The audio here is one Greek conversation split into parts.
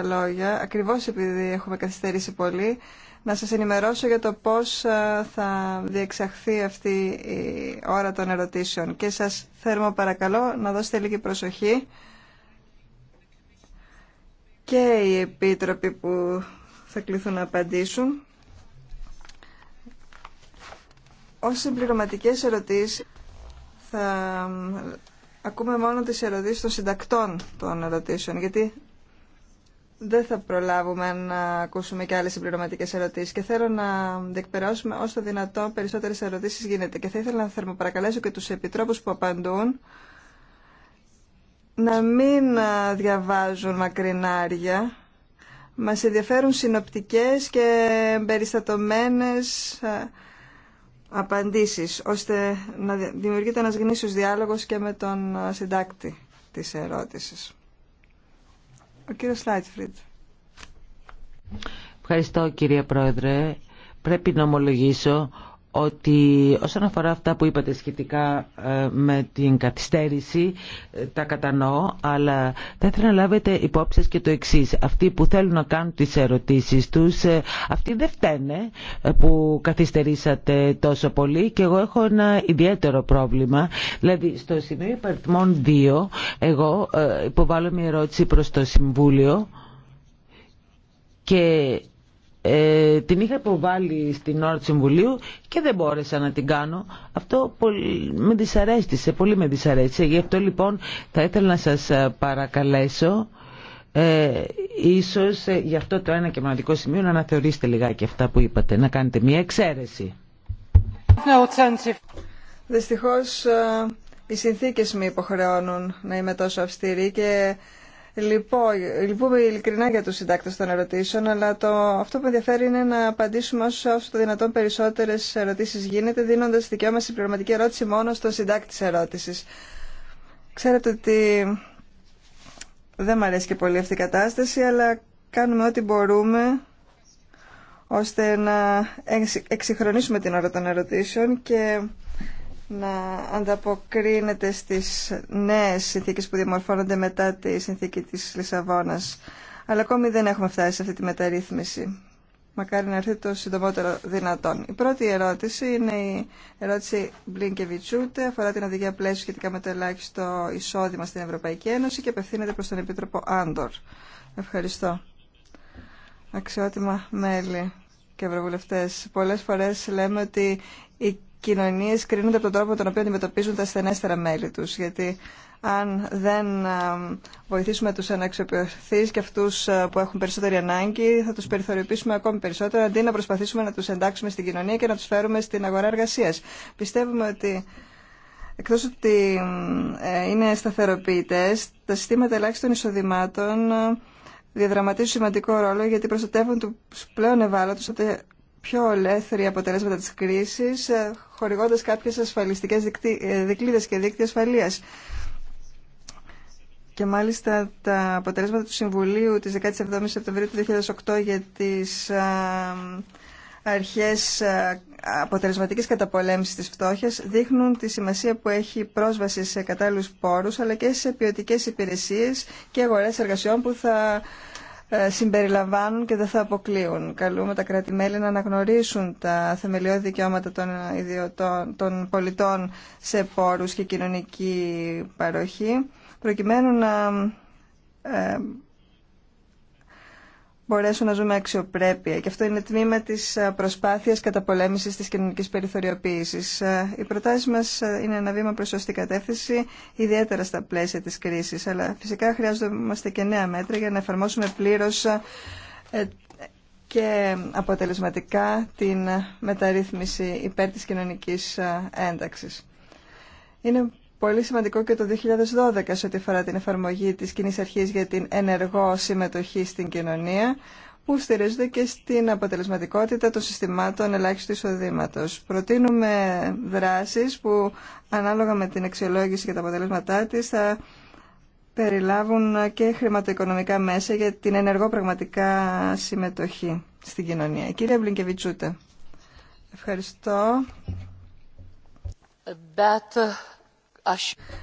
λόγια, ακριβώς επειδή έχουμε καθυστερήσει πολύ, να σας ενημερώσω για το πώς ε, θα διεξαχθεί αυτή η ώρα των ερωτήσεων. Και σας θέρμα παρακαλώ να δώσετε λίγη προσοχή και οι επίτροποι που θα κληθούν να απαντήσουν. Ως συμπληρωματικές ερωτήσεις θα ακούμε μόνο τις ερωτήσεις των συντακτών των ερωτήσεων, δεν θα προλάβουμε να ακούσουμε και άλλες συμπληρωματικές ερωτήσεις και θέλω να διεκπαιρεώσουμε όσο δυνατόν περισσότερες ερωτήσεις γίνεται και θα ήθελα να θερμοπαρακαλέσω και τους επιτρόπους που απαντούν να μην διαβάζουν μακρινάρια. Μας ενδιαφέρουν συνοπτικές και περιστατωμένες απαντήσεις ώστε να δημιουργείται ένας γνήσιος διάλογος και με τον συντάκτη της ερώτησης. Ο κύριος Λάιτφριντ. Ευχαριστώ κύριε Πρόεδρε. Πρέπει να ομολογήσω ότι όσον αφορά αυτά που είπατε σχετικά ε, με την καθυστέρηση, ε, τα κατανοώ, αλλά θα ήθελα να λάβετε υπόψη και το εξή. Αυτοί που θέλουν να κάνουν τις ερωτήσεις τους, ε, αυτοί δεν φταίνε που καθυστερήσατε τόσο πολύ και εγώ έχω ένα ιδιαίτερο πρόβλημα. Δηλαδή, στο σημείο υπαριθμών 2, εγώ υποβάλλω μια ερώτηση προς το Συμβούλιο και ε, την είχα υποβάλει στην ώρα του Συμβουλίου και δεν μπόρεσα να την κάνω. Αυτό πολύ, με δυσαρέστησε, πολύ με δυσαρέστησε. Γι' αυτό λοιπόν θα ήθελα να σας ε, παρακαλέσω ε, ίσως ε, γι' αυτό το ένα και μοναδικό σημείο να αναθεωρήσετε λιγάκι αυτά που είπατε, να κάνετε μια εξαίρεση. Δυστυχώς ε, οι συνθήκες με υποχρεώνουν να είμαι τόσο αυστηρή και Λοιπόν, λυπούμε ειλικρινά για τους συντάκτε των ερωτήσεων, αλλά το, αυτό που ενδιαφέρει είναι να απαντήσουμε όσο, το δυνατόν περισσότερες ερωτήσει γίνεται, δίνοντας δικαίωμα στην πληρωματική ερώτηση μόνο στο συντάκτη της ερώτησης. Ξέρετε ότι δεν μου αρέσει και πολύ αυτή η κατάσταση, αλλά κάνουμε ό,τι μπορούμε ώστε να εξυγχρονίσουμε την ώρα των ερωτήσεων και να ανταποκρίνεται στις νέες συνθήκες που διαμορφώνονται μετά τη συνθήκη της Λισαβόνας. Αλλά ακόμη δεν έχουμε φτάσει σε αυτή τη μεταρρύθμιση. Μακάρι να έρθει το συντομότερο δυνατόν. Η πρώτη ερώτηση είναι η ερώτηση Μπλίνκεβιτσούτε, αφορά την οδηγία πλαίσιο σχετικά με το ελάχιστο εισόδημα στην Ευρωπαϊκή Ένωση και απευθύνεται προς τον Επίτροπο Άντορ. Ευχαριστώ. Αξιότιμα μέλη και ευρωβουλευτές. Πολλές φορές λέμε ότι η κοινωνίε κρίνονται από τον τρόπο με τον οποίο αντιμετωπίζουν τα ασθενέστερα μέλη του. Γιατί αν δεν ε, βοηθήσουμε του αναξιοποιηθεί και αυτού ε, που έχουν περισσότερη ανάγκη, θα του περιθωριοποιήσουμε ακόμη περισσότερο αντί να προσπαθήσουμε να του εντάξουμε στην κοινωνία και να του φέρουμε στην αγορά εργασία. Πιστεύουμε ότι εκτό ότι ε, είναι σταθεροποιητέ, τα συστήματα ελάχιστων εισοδημάτων διαδραματίζουν σημαντικό ρόλο γιατί προστατεύουν του πλέον ευάλωτου από πιο ελεύθερη αποτελέσματα τη κρίση χορηγώντας κάποιε ασφαλιστικές ε, δικλείδε και δίκτυα ασφαλεία. Και μάλιστα τα αποτελέσματα του Συμβουλίου της 17 η Σεπτεμβρίου του 2008 για τις αρχές αποτελεσματικής καταπολέμησης της φτώχεια, δείχνουν τη σημασία που έχει πρόσβαση σε κατάλληλου πόρους αλλά και σε ποιοτικέ υπηρεσίες και αγορέ εργασιών που θα ε, συμπεριλαμβάνουν και δεν θα αποκλείουν. Καλούμε τα κράτη-μέλη να αναγνωρίσουν τα θεμελιώδη δικαιώματα των, ιδιωτών, των πολιτών σε πόρους και κοινωνική παροχή, προκειμένου να ε, μπορέσουν να ζούμε αξιοπρέπεια. Και αυτό είναι τμήμα της ε, προσπάθειας καταπολέμησης τη κοινωνική περιθωριοποίησης. Ε, οι προτάσει μας ε, είναι ένα βήμα προ σωστή κατεύθυνση, ιδιαίτερα στα πλαίσια της κρίσης. Αλλά φυσικά χρειάζομαστε και νέα μέτρα για να εφαρμόσουμε πλήρως και αποτελεσματικά την μεταρρύθμιση υπέρ της κοινωνικής ένταξης. Είναι πολύ σημαντικό και το 2012 σε ό,τι αφορά την εφαρμογή της κοινή αρχής για την ενεργό συμμετοχή στην κοινωνία που στηρίζονται και στην αποτελεσματικότητα των συστημάτων ελάχιστου εισοδήματο. Προτείνουμε δράσεις που ανάλογα με την αξιολόγηση και τα αποτελέσματά της θα περιλάβουν και χρηματοοικονομικά μέσα για την ενεργό πραγματικά συμμετοχή στην κοινωνία. Κύριε Βλυνκεβιτσούτε, ευχαριστώ.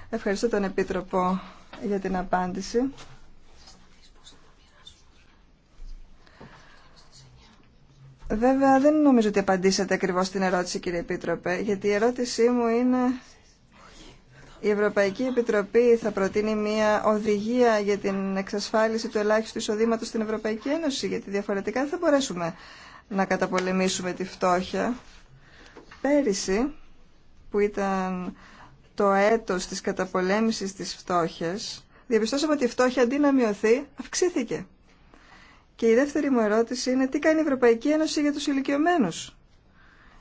Ευχαριστώ τον Επίτροπο για την απάντηση. Βέβαια, δεν νομίζω ότι απαντήσατε ακριβώς την ερώτηση, κύριε Επίτροπε, γιατί η ερώτησή μου είναι η Ευρωπαϊκή Επιτροπή θα προτείνει μια οδηγία για την εξασφάλιση του ελάχιστου εισοδήματος στην Ευρωπαϊκή Ένωση, γιατί διαφορετικά δεν θα μπορέσουμε να καταπολεμήσουμε τη φτώχεια. Πέρυσι, που ήταν το έτος της καταπολέμησης της φτώχειας, διαπιστώσαμε ότι η φτώχεια αντί να μειωθεί, αυξήθηκε. Και η δεύτερη μου ερώτηση είναι τι κάνει η Ευρωπαϊκή Ένωση για τους ηλικιωμένου.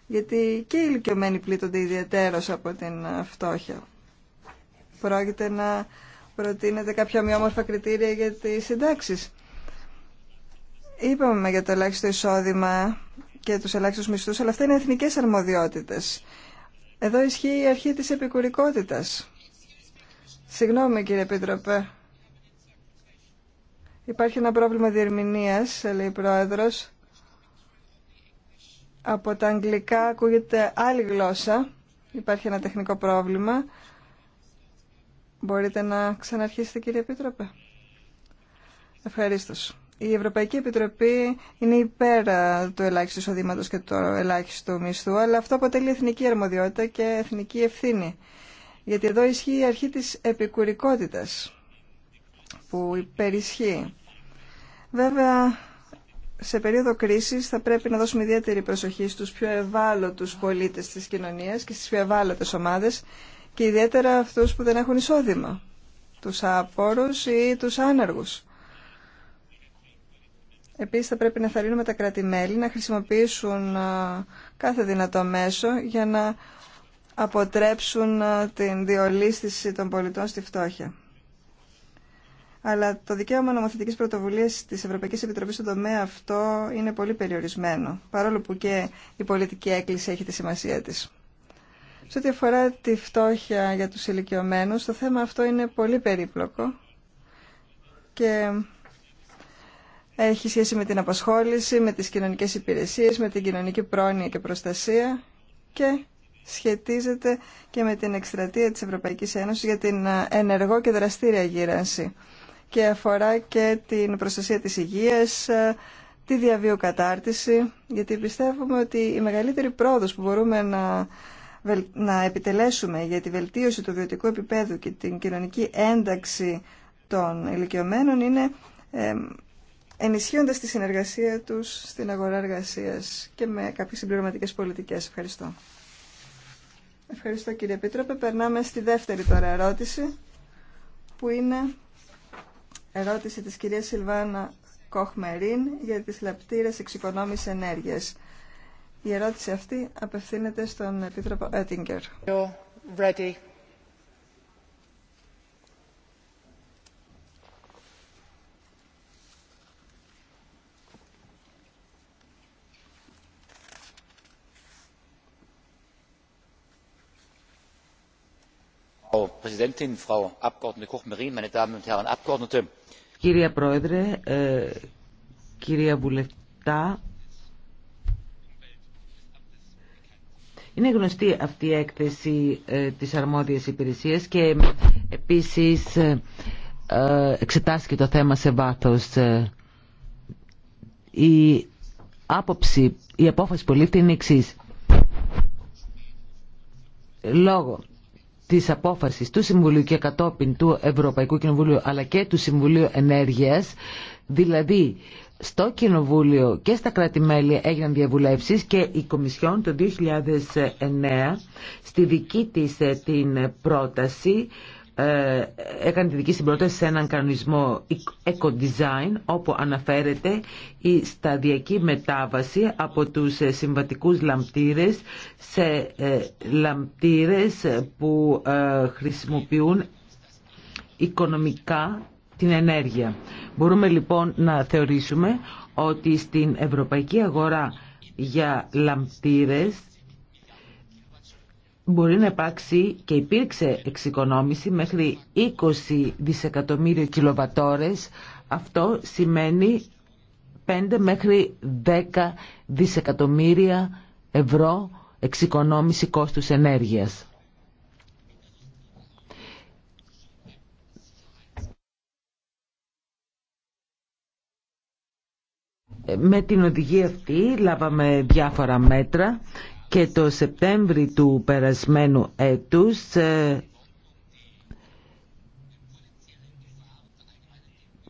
Γιατί και οι ηλικιωμένοι πλήττονται ιδιαίτερως από την ε, φτώχεια. Πρόκειται να προτείνετε κάποια ομοιόμορφα κριτήρια για τις συντάξεις. Είπαμε για το ελάχιστο εισόδημα και τους ελάχιστους μισθούς, αλλά αυτά είναι εθνικές αρμοδιότητες. Εδώ ισχύει η αρχή της επικουρικότητας. Συγγνώμη κύριε Επίτροπε. Υπάρχει ένα πρόβλημα διερμηνίας, λέει η Πρόεδρος. Από τα αγγλικά ακούγεται άλλη γλώσσα. Υπάρχει ένα τεχνικό πρόβλημα. Μπορείτε να ξαναρχίσετε κύριε Επίτροπε. Ευχαριστώ η Ευρωπαϊκή Επιτροπή είναι υπέρα ε, του ελάχιστου εισοδήματο και του ελάχιστου μισθού, αλλά αυτό αποτελεί εθνική αρμοδιότητα και εθνική ευθύνη. Γιατί εδώ ισχύει η αρχή της επικουρικότητας που υπερισχύει. Βέβαια, σε περίοδο κρίσης θα πρέπει να δώσουμε ιδιαίτερη προσοχή στους πιο ευάλωτους πολίτες της κοινωνίας και στις πιο ευάλωτες ομάδες και ιδιαίτερα αυτούς που δεν έχουν εισόδημα, τους απόρους ή τους άνεργους. Επίσης θα πρέπει να θαρρύνουμε τα κράτη-μέλη να χρησιμοποιήσουν κάθε δυνατό μέσο για να αποτρέψουν την διολίσθηση των πολιτών στη φτώχεια. Αλλά το δικαίωμα νομοθετικής πρωτοβουλίας της Ευρωπαϊκής Επιτροπής στον τομέα αυτό είναι πολύ περιορισμένο, παρόλο που και η πολιτική έκκληση έχει τη σημασία της. Σε ό,τι αφορά τη φτώχεια για τους ηλικιωμένους, το θέμα αυτό είναι πολύ περίπλοκο και έχει σχέση με την απασχόληση, με τις κοινωνικές υπηρεσίες, με την κοινωνική πρόνοια και προστασία και σχετίζεται και με την εκστρατεία της Ευρωπαϊκής Ένωσης για την ε, ενεργό και δραστήρια γύρανση και αφορά και την προστασία της υγείας, ε, τη διαβιοκατάρτιση, κατάρτιση, γιατί πιστεύουμε ότι η μεγαλύτερη πρόοδος που μπορούμε να, να επιτελέσουμε για τη βελτίωση του βιωτικού επίπεδου και την κοινωνική ένταξη των ηλικιωμένων είναι ε, ενισχύοντας τη συνεργασία τους στην αγορά εργασίας και με κάποιες συμπληρωματικές πολιτικές. Ευχαριστώ. Ευχαριστώ κύριε Επίτροπε. Περνάμε στη δεύτερη τώρα ερώτηση που είναι ερώτηση της κυρίας Σιλβάνα Κοχμερίν για τις λεπτήρες εξοικονόμησης ενέργειας. Η ερώτηση αυτή απευθύνεται στον Επίτροπο Έτιγκερ. präsidentin frau abgeordnete koch marin meine damen und herren abgeordnete! κυρία ε, βουλευτά είναι γνωστή αυτή η έκθεση ε, της αρμόδιας υπηρεσίας και επίσης ε, εξετάστηκε το θέμα σε βάθος. Η άποψη, η απόφαση που λήφθη είναι εξής. Λόγω της απόφασης του Συμβουλίου και κατόπιν του Ευρωπαϊκού Κοινοβουλίου αλλά και του Συμβουλίου Ενέργειας, δηλαδή στο Κοινοβούλιο και στα κράτη-μέλη έγιναν διαβουλεύσεις και η Κομισιόν το 2009 στη δική της ε, την πρόταση ε, έκανε τη δική συμπρόταση σε έναν κανονισμό eco-design όπου αναφέρεται η σταδιακή μετάβαση από τους ε, συμβατικούς λαμπτήρες σε ε, λαμπτήρες που χρησιμοποιούν οικονομικά την ενέργεια. Μπορούμε λοιπόν να θεωρήσουμε ότι στην ευρωπαϊκή αγορά για λαμπτήρες μπορεί να υπάρξει και υπήρξε εξοικονόμηση μέχρι 20 δισεκατομμύρια κιλοβατόρες. Αυτό σημαίνει 5 μέχρι 10 δισεκατομμύρια ευρώ εξοικονόμηση κόστους ενέργειας. Ε, με την οδηγία αυτή λάβαμε διάφορα μέτρα και το Σεπτέμβρη του περασμένου έτους ε,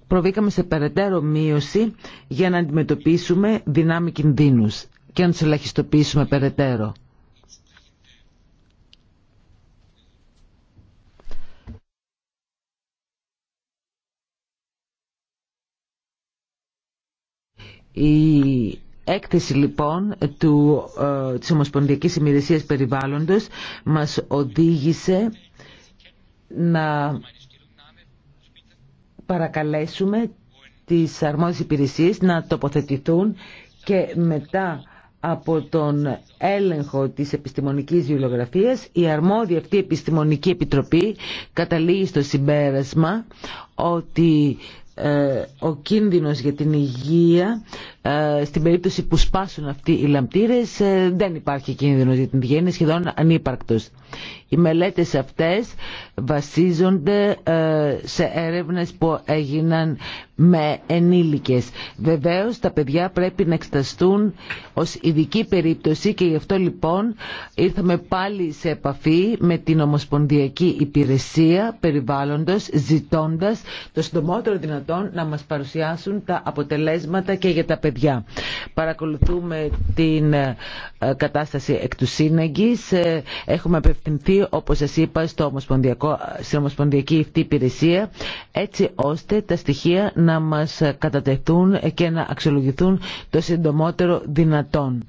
προβήκαμε σε περαιτέρω μείωση για να αντιμετωπίσουμε δυνάμει κινδύνους και να τους ελαχιστοποιήσουμε περαιτέρω έκθεση λοιπόν του, ε, της Ομοσπονδιακής Υπηρεσίας Περιβάλλοντος μας οδήγησε να παρακαλέσουμε τις αρμόδιες υπηρεσίες να τοποθετηθούν και μετά από τον έλεγχο της επιστημονικής βιβλιογραφίας η αρμόδια αυτή επιστημονική επιτροπή καταλήγει στο συμπέρασμα ότι ε, ο κίνδυνος για την υγεία ε, στην περίπτωση που σπάσουν αυτοί οι λαμπτήρες ε, δεν υπάρχει κίνδυνο για την υγεία, είναι σχεδόν ανύπαρκτος. Οι μελέτες αυτές βασίζονται ε, σε έρευνες που έγιναν με ενήλικες. Βεβαίως τα παιδιά πρέπει να εξεταστούν ως ειδική περίπτωση και γι' αυτό λοιπόν ήρθαμε πάλι σε επαφή με την Ομοσπονδιακή Υπηρεσία Περιβάλλοντος ζητώντας το συντομότερο δυνατόν να μας παρουσιάσουν τα αποτελέσματα και για τα παιδιά Παρακολουθούμε την ε, κατάσταση εκ του ε, Έχουμε απευθυνθεί, όπως σας είπα, στο ομοσπονδιακό, στην Ομοσπονδιακή Υφτή Υπηρεσία, έτσι ώστε τα στοιχεία να μας κατατεθούν και να αξιολογηθούν το συντομότερο δυνατόν.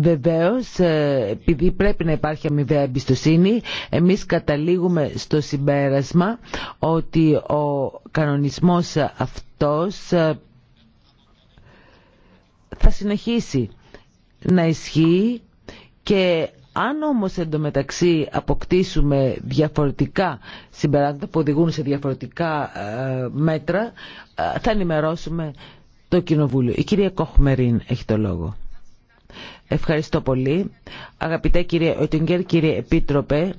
Βεβαίως, ε, επειδή πρέπει να υπάρχει αμοιβαία εμπιστοσύνη, εμείς καταλήγουμε στο συμπέρασμα ότι ο κανονισμός αυτός ε, θα συνεχίσει να ισχύει και αν όμως εντωμεταξύ αποκτήσουμε διαφορετικά συμπεράσματα που οδηγούν σε διαφορετικά ε, μέτρα, θα ενημερώσουμε το Κοινοβούλιο. Η κυρία Κοχμερίν έχει το λόγο. Ευχαριστώ πολύ. Αγαπητέ κύριε Οτιγκέρ, κύριε Επίτροπε,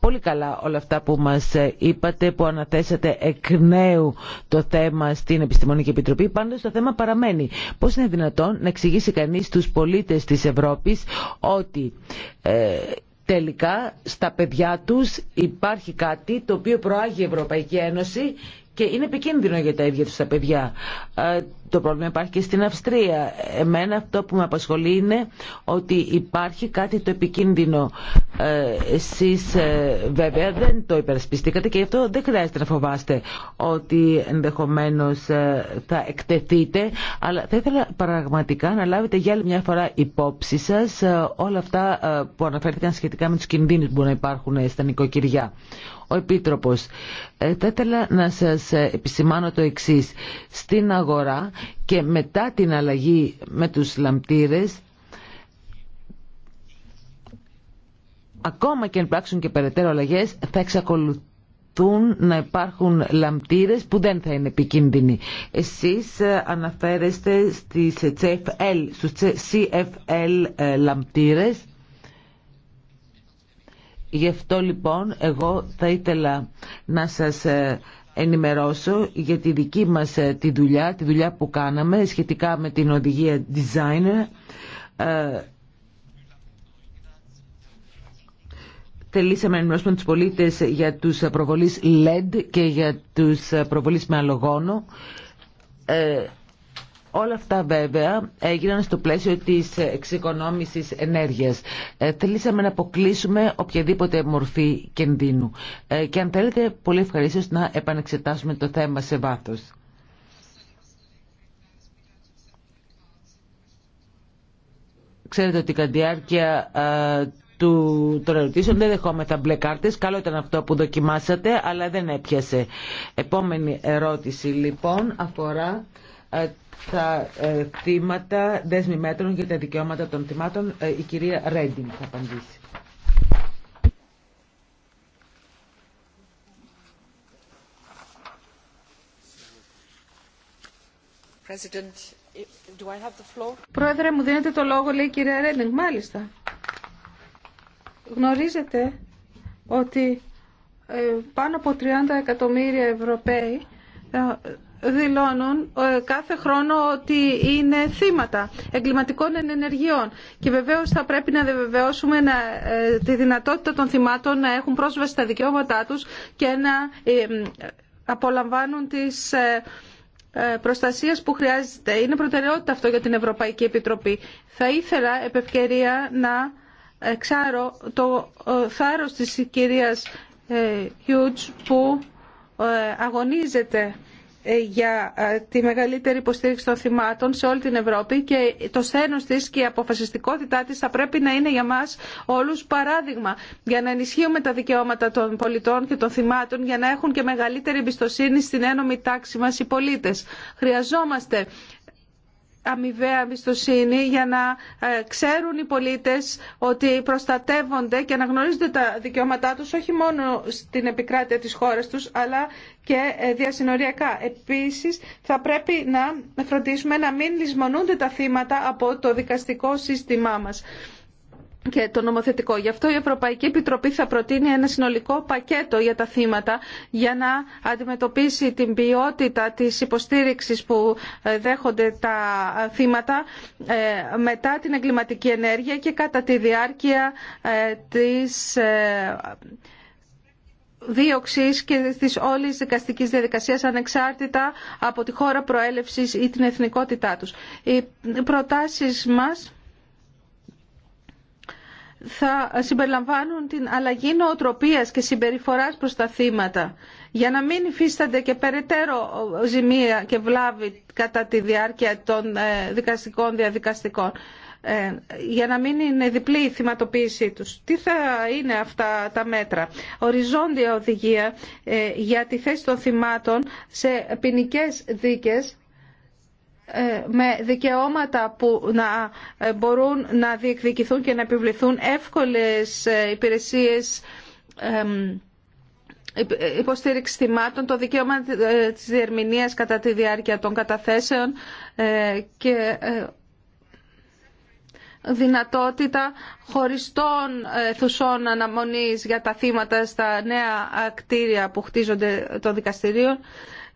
πολύ καλά όλα αυτά που μας είπατε, που αναθέσατε εκ νέου το θέμα στην Επιστημονική Επιτροπή. Πάντως το θέμα παραμένει. Πώς είναι δυνατόν να εξηγήσει κανείς τους πολίτες της Ευρώπης ότι ε, τελικά στα παιδιά τους υπάρχει κάτι το οποίο προάγει η Ευρωπαϊκή Ένωση και είναι επικίνδυνο για τα ίδια τους τα παιδιά. Ε, το πρόβλημα υπάρχει και στην Αυστρία. Εμένα αυτό που με απασχολεί είναι ότι υπάρχει κάτι το επικίνδυνο. Ε, εσείς ε, βέβαια δεν το υπερασπιστήκατε και γι' αυτό δεν χρειάζεται να φοβάστε ότι ενδεχομένως θα εκτεθείτε. Αλλά θα ήθελα πραγματικά να λάβετε για άλλη μια φορά υπόψη σας όλα αυτά που αναφέρθηκαν σχετικά με τους κινδύνους που να υπάρχουν στα νοικοκυριά ο Επίτροπος. Ε, θα ήθελα να σας ε, επισημάνω το εξής. Στην αγορά και μετά την αλλαγή με τους λαμπτήρες ακόμα και αν πράξουν και περαιτέρω αλλαγέ, θα εξακολουθούν να υπάρχουν λαμπτήρες που δεν θα είναι επικίνδυνοι. Εσείς ε, αναφέρεστε στις CFL, στους CFL λαμπτήρες Γι' αυτό λοιπόν εγώ θα ήθελα να σας ε, ενημερώσω για τη δική μας ε, τη δουλειά, τη δουλειά που κάναμε σχετικά με την οδηγία designer. Ε, Θελήσαμε να ενημερώσουμε τους πολίτες για τους προβολείς LED και για τους προβολείς με αλογόνο. Όλα αυτά βέβαια έγιναν στο πλαίσιο της εξοικονόμησης ενέργειας. Ε, θελήσαμε να αποκλείσουμε οποιαδήποτε μορφή κινδύνου. Ε, και αν θέλετε πολύ ευχαρίστω να επανεξετάσουμε το θέμα σε βάθος. Ξέρετε ότι κατά τη διάρκεια ε, του, των ερωτήσεων δεν δεχόμεθα μπλε κάρτες. Καλό ήταν αυτό που δοκιμάσατε, αλλά δεν έπιασε. Επόμενη ερώτηση λοιπόν αφορά ε, τα ε, θύματα, δέσμη μέτρων για τα δικαιώματα των θυμάτων. Ε, η κυρία Ρέντιν θα απαντήσει. Do I have the floor? Πρόεδρε, μου δίνετε το λόγο, λέει η κυρία Ρέντινγκ. Μάλιστα. Γνωρίζετε ότι πάνω από 30 εκατομμύρια Ευρωπαίοι δηλώνουν ε, κάθε χρόνο ότι είναι θύματα εγκληματικών ενεργειών. Και βεβαίως θα πρέπει να βεβαιώσουμε ε, τη δυνατότητα των θυμάτων να έχουν πρόσβαση στα δικαιώματά τους και να ε, απολαμβάνουν τις προστασίες που χρειάζεται. Είναι προτεραιότητα αυτό για την Ευρωπαϊκή Επιτροπή. Θα ήθελα επευκαιρία να ξάρω το θάρρος της κυρίας Χιούτς που αγωνίζεται ε, για ε, τη μεγαλύτερη υποστήριξη των θυμάτων σε όλη την Ευρώπη και το σένος της και η αποφασιστικότητά της θα πρέπει να είναι για μας όλους παράδειγμα για να ενισχύουμε τα δικαιώματα των πολιτών και των θυμάτων για να έχουν και μεγαλύτερη εμπιστοσύνη στην ένωμη τάξη μας οι πολίτες. Χρειαζόμαστε αμοιβαία εμπιστοσύνη για να ε, ξέρουν οι πολίτες ότι προστατεύονται και αναγνωρίζονται τα δικαιώματά τους όχι μόνο στην επικράτεια της χώρας τους αλλά και ε, διασυνοριακά. Επίσης θα πρέπει να φροντίσουμε να μην λησμονούνται τα θύματα από το δικαστικό σύστημά μας και το νομοθετικό. Γι' αυτό η Ευρωπαϊκή Επιτροπή θα προτείνει ένα συνολικό πακέτο για τα θύματα για να αντιμετωπίσει την ποιότητα της υποστήριξης που ε, δέχονται τα ε, θύματα ε, μετά την εγκληματική ενέργεια και κατά τη διάρκεια της δίωξης και της όλης δικαστικής διαδικασίας ανεξάρτητα από τη χώρα προέλευσης ή την εθνικότητά τους. Οι προτάσεις μας θα συμπεριλαμβάνουν την αλλαγή νοοτροπίας και συμπεριφοράς προς τα θύματα για να μην υφίστανται και περαιτέρω ζημία και βλάβη κατά τη διάρκεια των ε, δικαστικών διαδικαστικών ε, για να μην είναι διπλή η θυματοποίησή τους. Τι θα είναι αυτά τα μέτρα. Οριζόντια οδηγία ε, για τη θέση των θυμάτων σε ποινικέ δίκες ε, με δικαιώματα που να ε, μπορούν να διεκδικηθούν και να επιβληθούν εύκολες ε, υπηρεσίες υποστήριξη θυμάτων, το δικαίωμα της διερμηνίας κατά τη διάρκεια των καταθέσεων και δυνατότητα χωριστών θουσών αναμονής για τα θύματα στα νέα κτίρια που χτίζονται των δικαστηρίων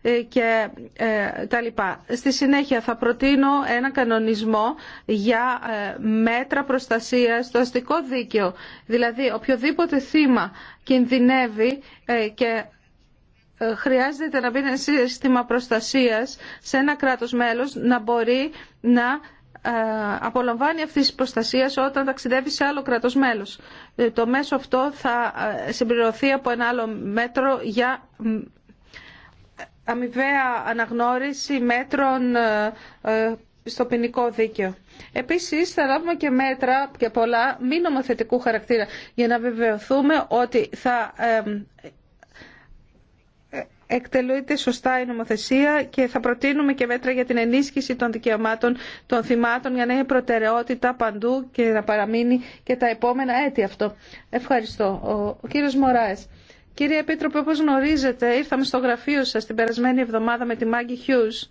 ε, και ε, τα λοιπά. Στη συνέχεια θα προτείνω ένα κανονισμό για ε, μέτρα προστασίας στο αστικό δίκαιο. Δηλαδή οποιοδήποτε θύμα κινδυνεύει και χρειάζεται να μπει ένα σύστημα προστασίας σε ένα κράτος μέλος να μπορεί να απολαμβάνει αυτής της προστασίας όταν ταξιδεύει σε άλλο κρατός μέλος. Το μέσο αυτό θα συμπληρωθεί από ένα άλλο μέτρο για αμοιβαία αναγνώριση μέτρων ε, ε, στο ποινικό δίκαιο. Επίσης θα λάβουμε και μέτρα και πολλά μη νομοθετικού χαρακτήρα για να βεβαιωθούμε ότι θα ε, εκτελούνται σωστά η νομοθεσία και θα προτείνουμε και μέτρα για την ενίσχυση των δικαιωμάτων των θυμάτων για να είναι προτεραιότητα παντού και να παραμείνει και τα επόμενα έτη αυτό. Ευχαριστώ. Ο κύριος Μωράες. Κύριε Επίτροπε, όπως γνωρίζετε, ήρθαμε στο γραφείο σας την περασμένη εβδομάδα με τη Μάγκη Χιούς,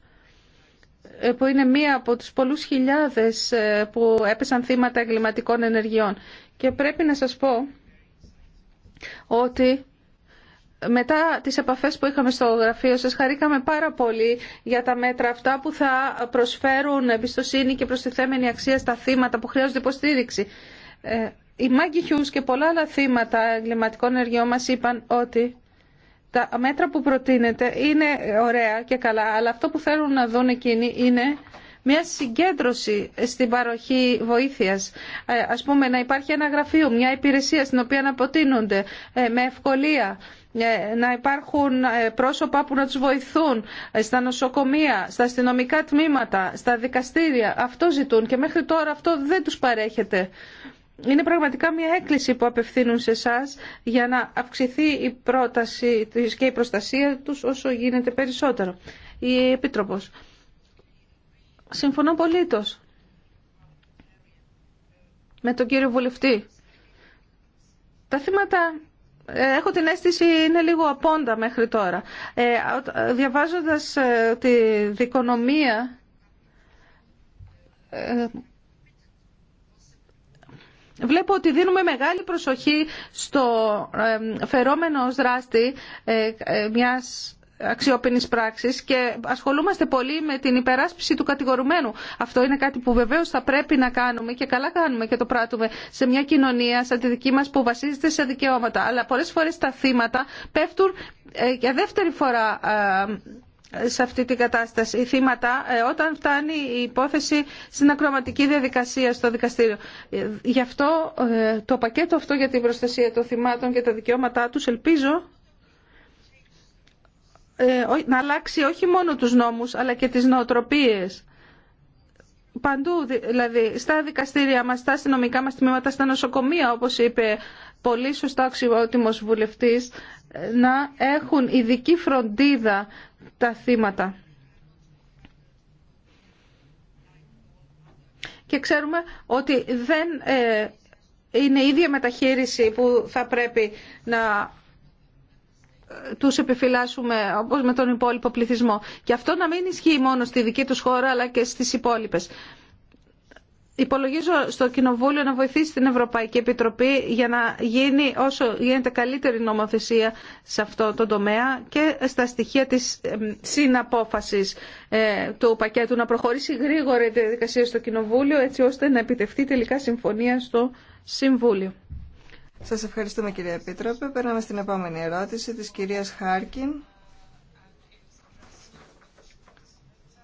ε, που είναι μία από τους πολλούς χιλιάδες ε, που έπεσαν θύματα εγκληματικών ενεργειών. Και πρέπει να σας πω ότι μετά τις επαφές που είχαμε στο γραφείο σας χαρήκαμε πάρα πολύ για τα μέτρα αυτά που θα προσφέρουν εμπιστοσύνη και προστιθέμενη αξία στα θύματα που χρειάζονται υποστήριξη. Ε, η Μάγκη Χιούς και πολλά άλλα θύματα εγκληματικών ενεργειών μας είπαν ότι τα μέτρα που προτείνεται είναι ωραία και καλά, αλλά αυτό που θέλουν να δουν εκείνοι είναι μια συγκέντρωση στην παροχή βοήθειας. Ε, ας πούμε να υπάρχει ένα γραφείο, μια υπηρεσία στην οποία να αποτείνονται ε, με ευκολία ε, να υπάρχουν πρόσωπα που να τους βοηθούν στα νοσοκομεία, στα αστυνομικά τμήματα, στα δικαστήρια. Αυτό ζητούν και μέχρι τώρα αυτό δεν τους παρέχεται είναι πραγματικά μια έκκληση που απευθύνουν σε εσά για να αυξηθεί η πρόταση και η προστασία τους όσο γίνεται περισσότερο. Η Επίτροπος. Συμφωνώ πολύ με τον κύριο Βουλευτή. Τα θύματα ε, έχω την αίσθηση είναι λίγο απόντα μέχρι τώρα. Ε, διαβάζοντας ε, τη δικονομία ε, Βλέπω ότι δίνουμε μεγάλη προσοχή στο φερόμενο ως δράστη ε, ε, μιας αξιόπινης πράξης και ασχολούμαστε πολύ με την υπεράσπιση του κατηγορουμένου. Αυτό είναι κάτι που βεβαίως θα πρέπει να κάνουμε και καλά κάνουμε και το πράττουμε σε μια κοινωνία σαν τη δική μας που βασίζεται σε δικαιώματα. Αλλά πολλές φορές τα θύματα πέφτουν ε, για δεύτερη φορά σε αυτή την κατάσταση, οι θύματα, ε, όταν φτάνει η υπόθεση στην ακροματική διαδικασία στο δικαστήριο. Ε, γι' αυτό ε, το πακέτο αυτό για την προστασία των θυμάτων και τα δικαιώματά τους ελπίζω να αλλάξει όχι μόνο τους νόμους αλλά και τις νοοτροπίες. Παντού, δηλαδή, στα δικαστήρια μας, στα αστυνομικά μας τμήματα, στα νοσοκομεία, όπως είπε πολύ σωστά ο αξιότιμος βουλευτής, να έχουν ειδική φροντίδα τα θύματα. Και ξέρουμε ότι δεν ε, είναι η ίδια μεταχείριση που θα πρέπει να ε, τους επιφυλάσσουμε όπως με τον υπόλοιπο πληθυσμό. Και αυτό να μην ισχύει μόνο στη δική τους χώρα αλλά και στις υπόλοιπες υπολογίζω στο Κοινοβούλιο να βοηθήσει την Ευρωπαϊκή Επιτροπή για να γίνει όσο γίνεται καλύτερη νομοθεσία σε αυτό το τομέα και στα στοιχεία της συναπόφασης ε, του πακέτου να προχωρήσει γρήγορα η διαδικασία στο Κοινοβούλιο έτσι ώστε να επιτευχθεί τελικά συμφωνία στο Συμβούλιο. Σας ευχαριστούμε κυρία Επίτροπε. Περνάμε στην επόμενη ερώτηση της κυρίας Χάρκιν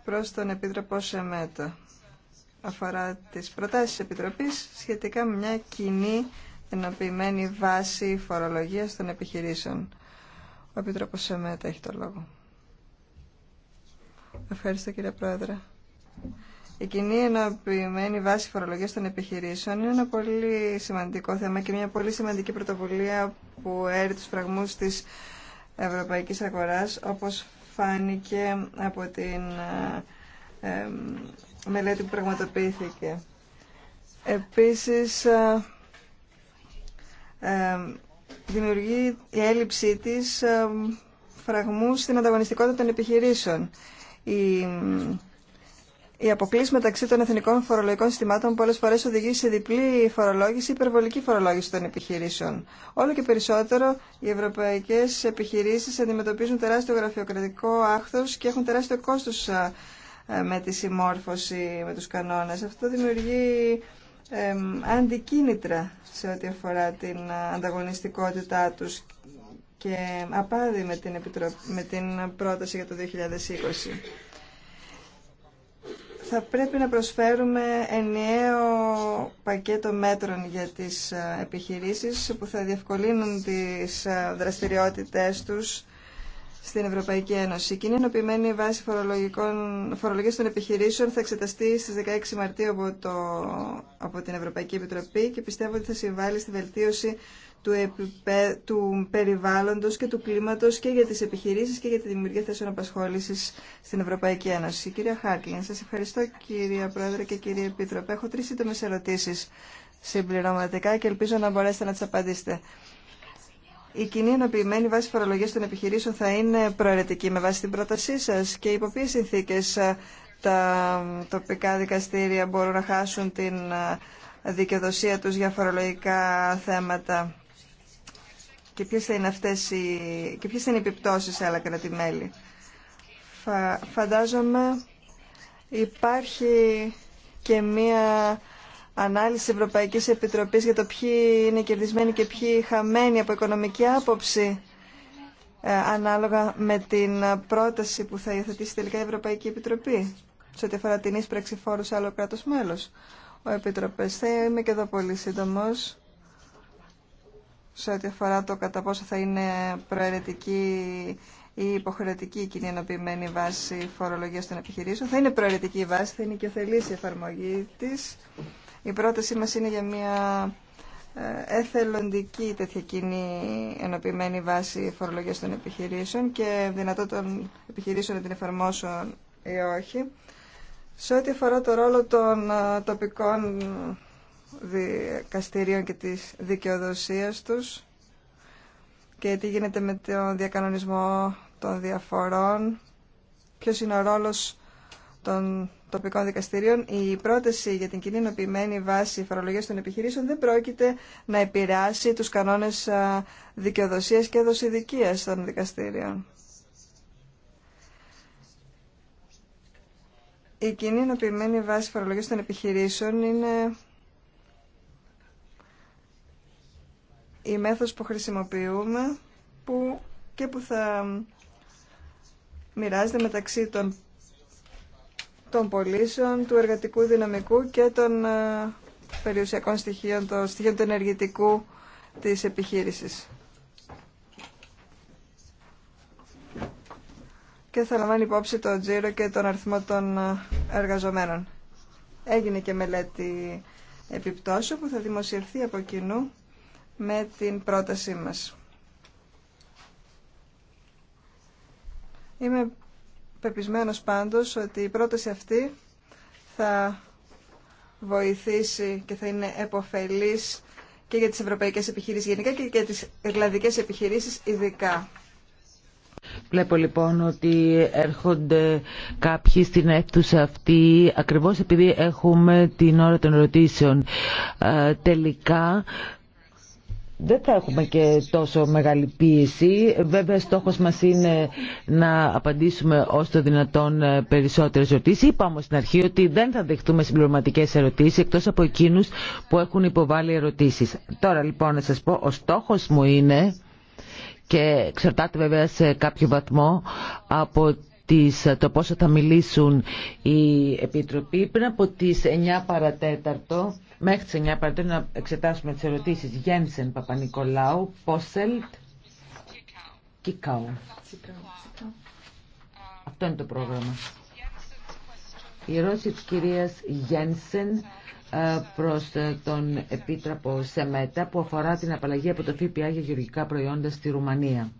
προς τον Επίτροπο Σεμέτα αφορά τις προτάσεις Επιτροπής σχετικά με μια κοινή ενοποιημένη βάση φορολογίας των επιχειρήσεων. Ο Επιτροπός Σεμέτα έχει το λόγο. Ευχαριστώ κύριε Πρόεδρε. Η κοινή ενοποιημένη βάση φορολογίας των επιχειρήσεων είναι ένα πολύ σημαντικό θέμα και μια πολύ σημαντική πρωτοβουλία που έρει τους φραγμούς της ευρωπαϊκής αγοράς όπως φάνηκε από την ε, ε, μελέτη που πραγματοποιήθηκε. Επίσης, ε, ε, δημιουργεί η έλλειψή της ε, φραγμού στην ανταγωνιστικότητα των επιχειρήσεων. Η, η αποκλήση μεταξύ των εθνικών φορολογικών συστημάτων πολλέ φορέ οδηγεί σε διπλή φορολόγηση, υπερβολική φορολόγηση των επιχειρήσεων. Όλο και περισσότερο οι ευρωπαϊκέ επιχειρήσει αντιμετωπίζουν τεράστιο γραφειοκρατικό άχθο και έχουν τεράστιο κόστο ε, με τη συμμόρφωση με τους κανόνες. Αυτό δημιουργεί αντικίνητρα σε ό,τι αφορά την ανταγωνιστικότητά τους και απάδει με την, με την πρόταση για το 2020. Θα πρέπει να προσφέρουμε ενιαίο πακέτο μέτρων για τις ε, επιχειρήσεις που θα διευκολύνουν τις ε, δραστηριότητές τους στην Ευρωπαϊκή Ένωση. Η κοινή ενωπημένη βάση φορολογία των επιχειρήσεων θα εξεταστεί στις 16 Μαρτίου από, το, από την Ευρωπαϊκή Επιτροπή και πιστεύω ότι θα συμβάλλει στη βελτίωση του, επιπέ, του περιβάλλοντος και του κλίματος και για τις επιχειρήσεις και για τη δημιουργία θέσεων απασχόλησης στην Ευρωπαϊκή Ένωση. Κυρία Χάρκιν, σας ευχαριστώ κυρία Πρόεδρε και κύριε Επίτροπε. Έχω τρεις σύντομε ερωτήσεις συμπληρωματικά και ελπίζω να μπορέσετε να τι απαντήσετε η κοινή ενοποιημένη βάση φορολογίας των επιχειρήσεων θα είναι προαιρετική με βάση την πρότασή σας και υπό ποιες συνθήκες ε, τα τοπικά δικαστήρια μπορούν να χάσουν την ε, δικαιοδοσία τους για φορολογικά θέματα και ποιες θα είναι, αυτές οι... και ποιες είναι οι επιπτώσεις σε άλλα κράτη-μέλη. Φαντάζομαι υπάρχει και μία ανάλυση Ευρωπαϊκής Επιτροπής για το ποιοι είναι κερδισμένοι και ποιοι χαμένοι από οικονομική άποψη ε, ανάλογα με την πρόταση που θα υιοθετήσει τελικά η Ευρωπαϊκή Επιτροπή σε ό,τι αφορά την ίσπραξη φόρου σε άλλο κράτος μέλος. Ο Επιτροπές θα είμαι και εδώ πολύ σύντομο σε ό,τι αφορά το κατά πόσο θα είναι προαιρετική ή υποχρεωτική η κοινή ενοποιημένη βάση φορολογία των επιχειρήσεων. Θα είναι προαιρετική η βαση φορολογιας των επιχειρησεων θα είναι και θελής η βαση θα ειναι και η εφαρμογη της. Η πρότασή μας είναι για μια ε, εθελοντική τέτοια κοινή ενοποιημένη βάση φορολογίας των επιχειρήσεων και δυνατότητα των επιχειρήσεων να την εφαρμόσουν ή όχι. Σε ό,τι αφορά το ρόλο των ε, τοπικών δικαστηρίων και της δικαιοδοσίας τους και τι γίνεται με τον διακανονισμό των διαφορών, ποιος είναι ο ρόλος των τοπικών δικαστηρίων, η πρόταση για την κοινωνιοποιημένη βάση φορολογία των επιχειρήσεων δεν πρόκειται να επηρεάσει τους κανόνες δικαιοδοσίας και δοσηδικία των δικαστηρίων. Η κοινωνιοποιημένη βάση φορολογία των επιχειρήσεων είναι η μέθοδος που χρησιμοποιούμε που και που θα μοιράζεται μεταξύ των των πωλήσεων, του εργατικού δυναμικού και των ε, περιουσιακών στοιχείων, των στοιχείων του ενεργητικού της επιχείρησης. Και θα λαμβάνει υπόψη το τζίρο και τον αριθμό των ε, εργαζομένων. Έγινε και μελέτη επιπτώσεων που θα δημοσιευθεί από κοινού με την πρότασή μας. Είμαι πεπισμένος πάντως ότι η πρόταση αυτή θα βοηθήσει και θα είναι επωφελής και για τις ευρωπαϊκές επιχειρήσεις γενικά και για τις ελλαδικές επιχειρήσεις ειδικά. Βλέπω λοιπόν ότι έρχονται κάποιοι στην αίθουσα αυτή ακριβώς επειδή έχουμε την ώρα των ερωτήσεων. Ε, τελικά δεν θα έχουμε και τόσο μεγάλη πίεση. Βέβαια, στόχος μας είναι να απαντήσουμε όσο το δυνατόν ε, περισσότερες ερωτήσεις. Είπα όμως στην αρχή ότι δεν θα δεχτούμε συμπληρωματικές ερωτήσεις, εκτός από εκείνους που έχουν υποβάλει ερωτήσεις. Τώρα, λοιπόν, να σας πω, ο στόχος μου είναι και εξαρτάται βέβαια σε κάποιο βαθμό από ε, το πόσο θα μιλήσουν οι Επιτροποί. Πριν από τις 9 παρατέταρτο, μέχρι τις 9 παρατέταρτο να εξετάσουμε τις ερωτήσεις Γένσεν Παπα-Νικολάου, Πόσελτ, Κικάου. Αυτό είναι το πρόγραμμα. Η ερώτηση της κυρίας Γένσεν ε, προς ε, τον Επίτροπο Σεμέτα που αφορά την απαλλαγή από το ΦΠΑ για γεωργικά προϊόντα στη Ρουμανία.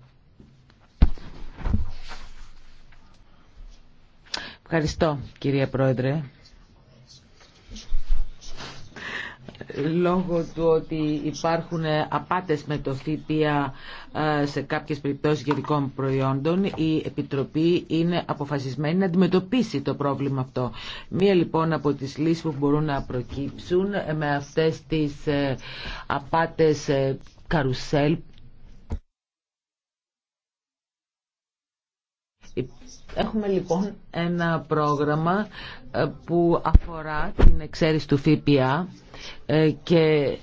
Ευχαριστώ κυρία Πρόεδρε. Λόγω του ότι υπάρχουν απάτες με το ΦΠΑ ε, σε κάποιες περιπτώσεις γενικών προϊόντων, η Επιτροπή είναι αποφασισμένη να αντιμετωπίσει το πρόβλημα αυτό. Μία λοιπόν από τις λύσεις που μπορούν να προκύψουν με αυτές τις ε, απάτες ε, καρουσέλ Έχουμε λοιπόν ένα πρόγραμμα ε, που αφορά την εξαίρεση του ΦΠΑ ε, και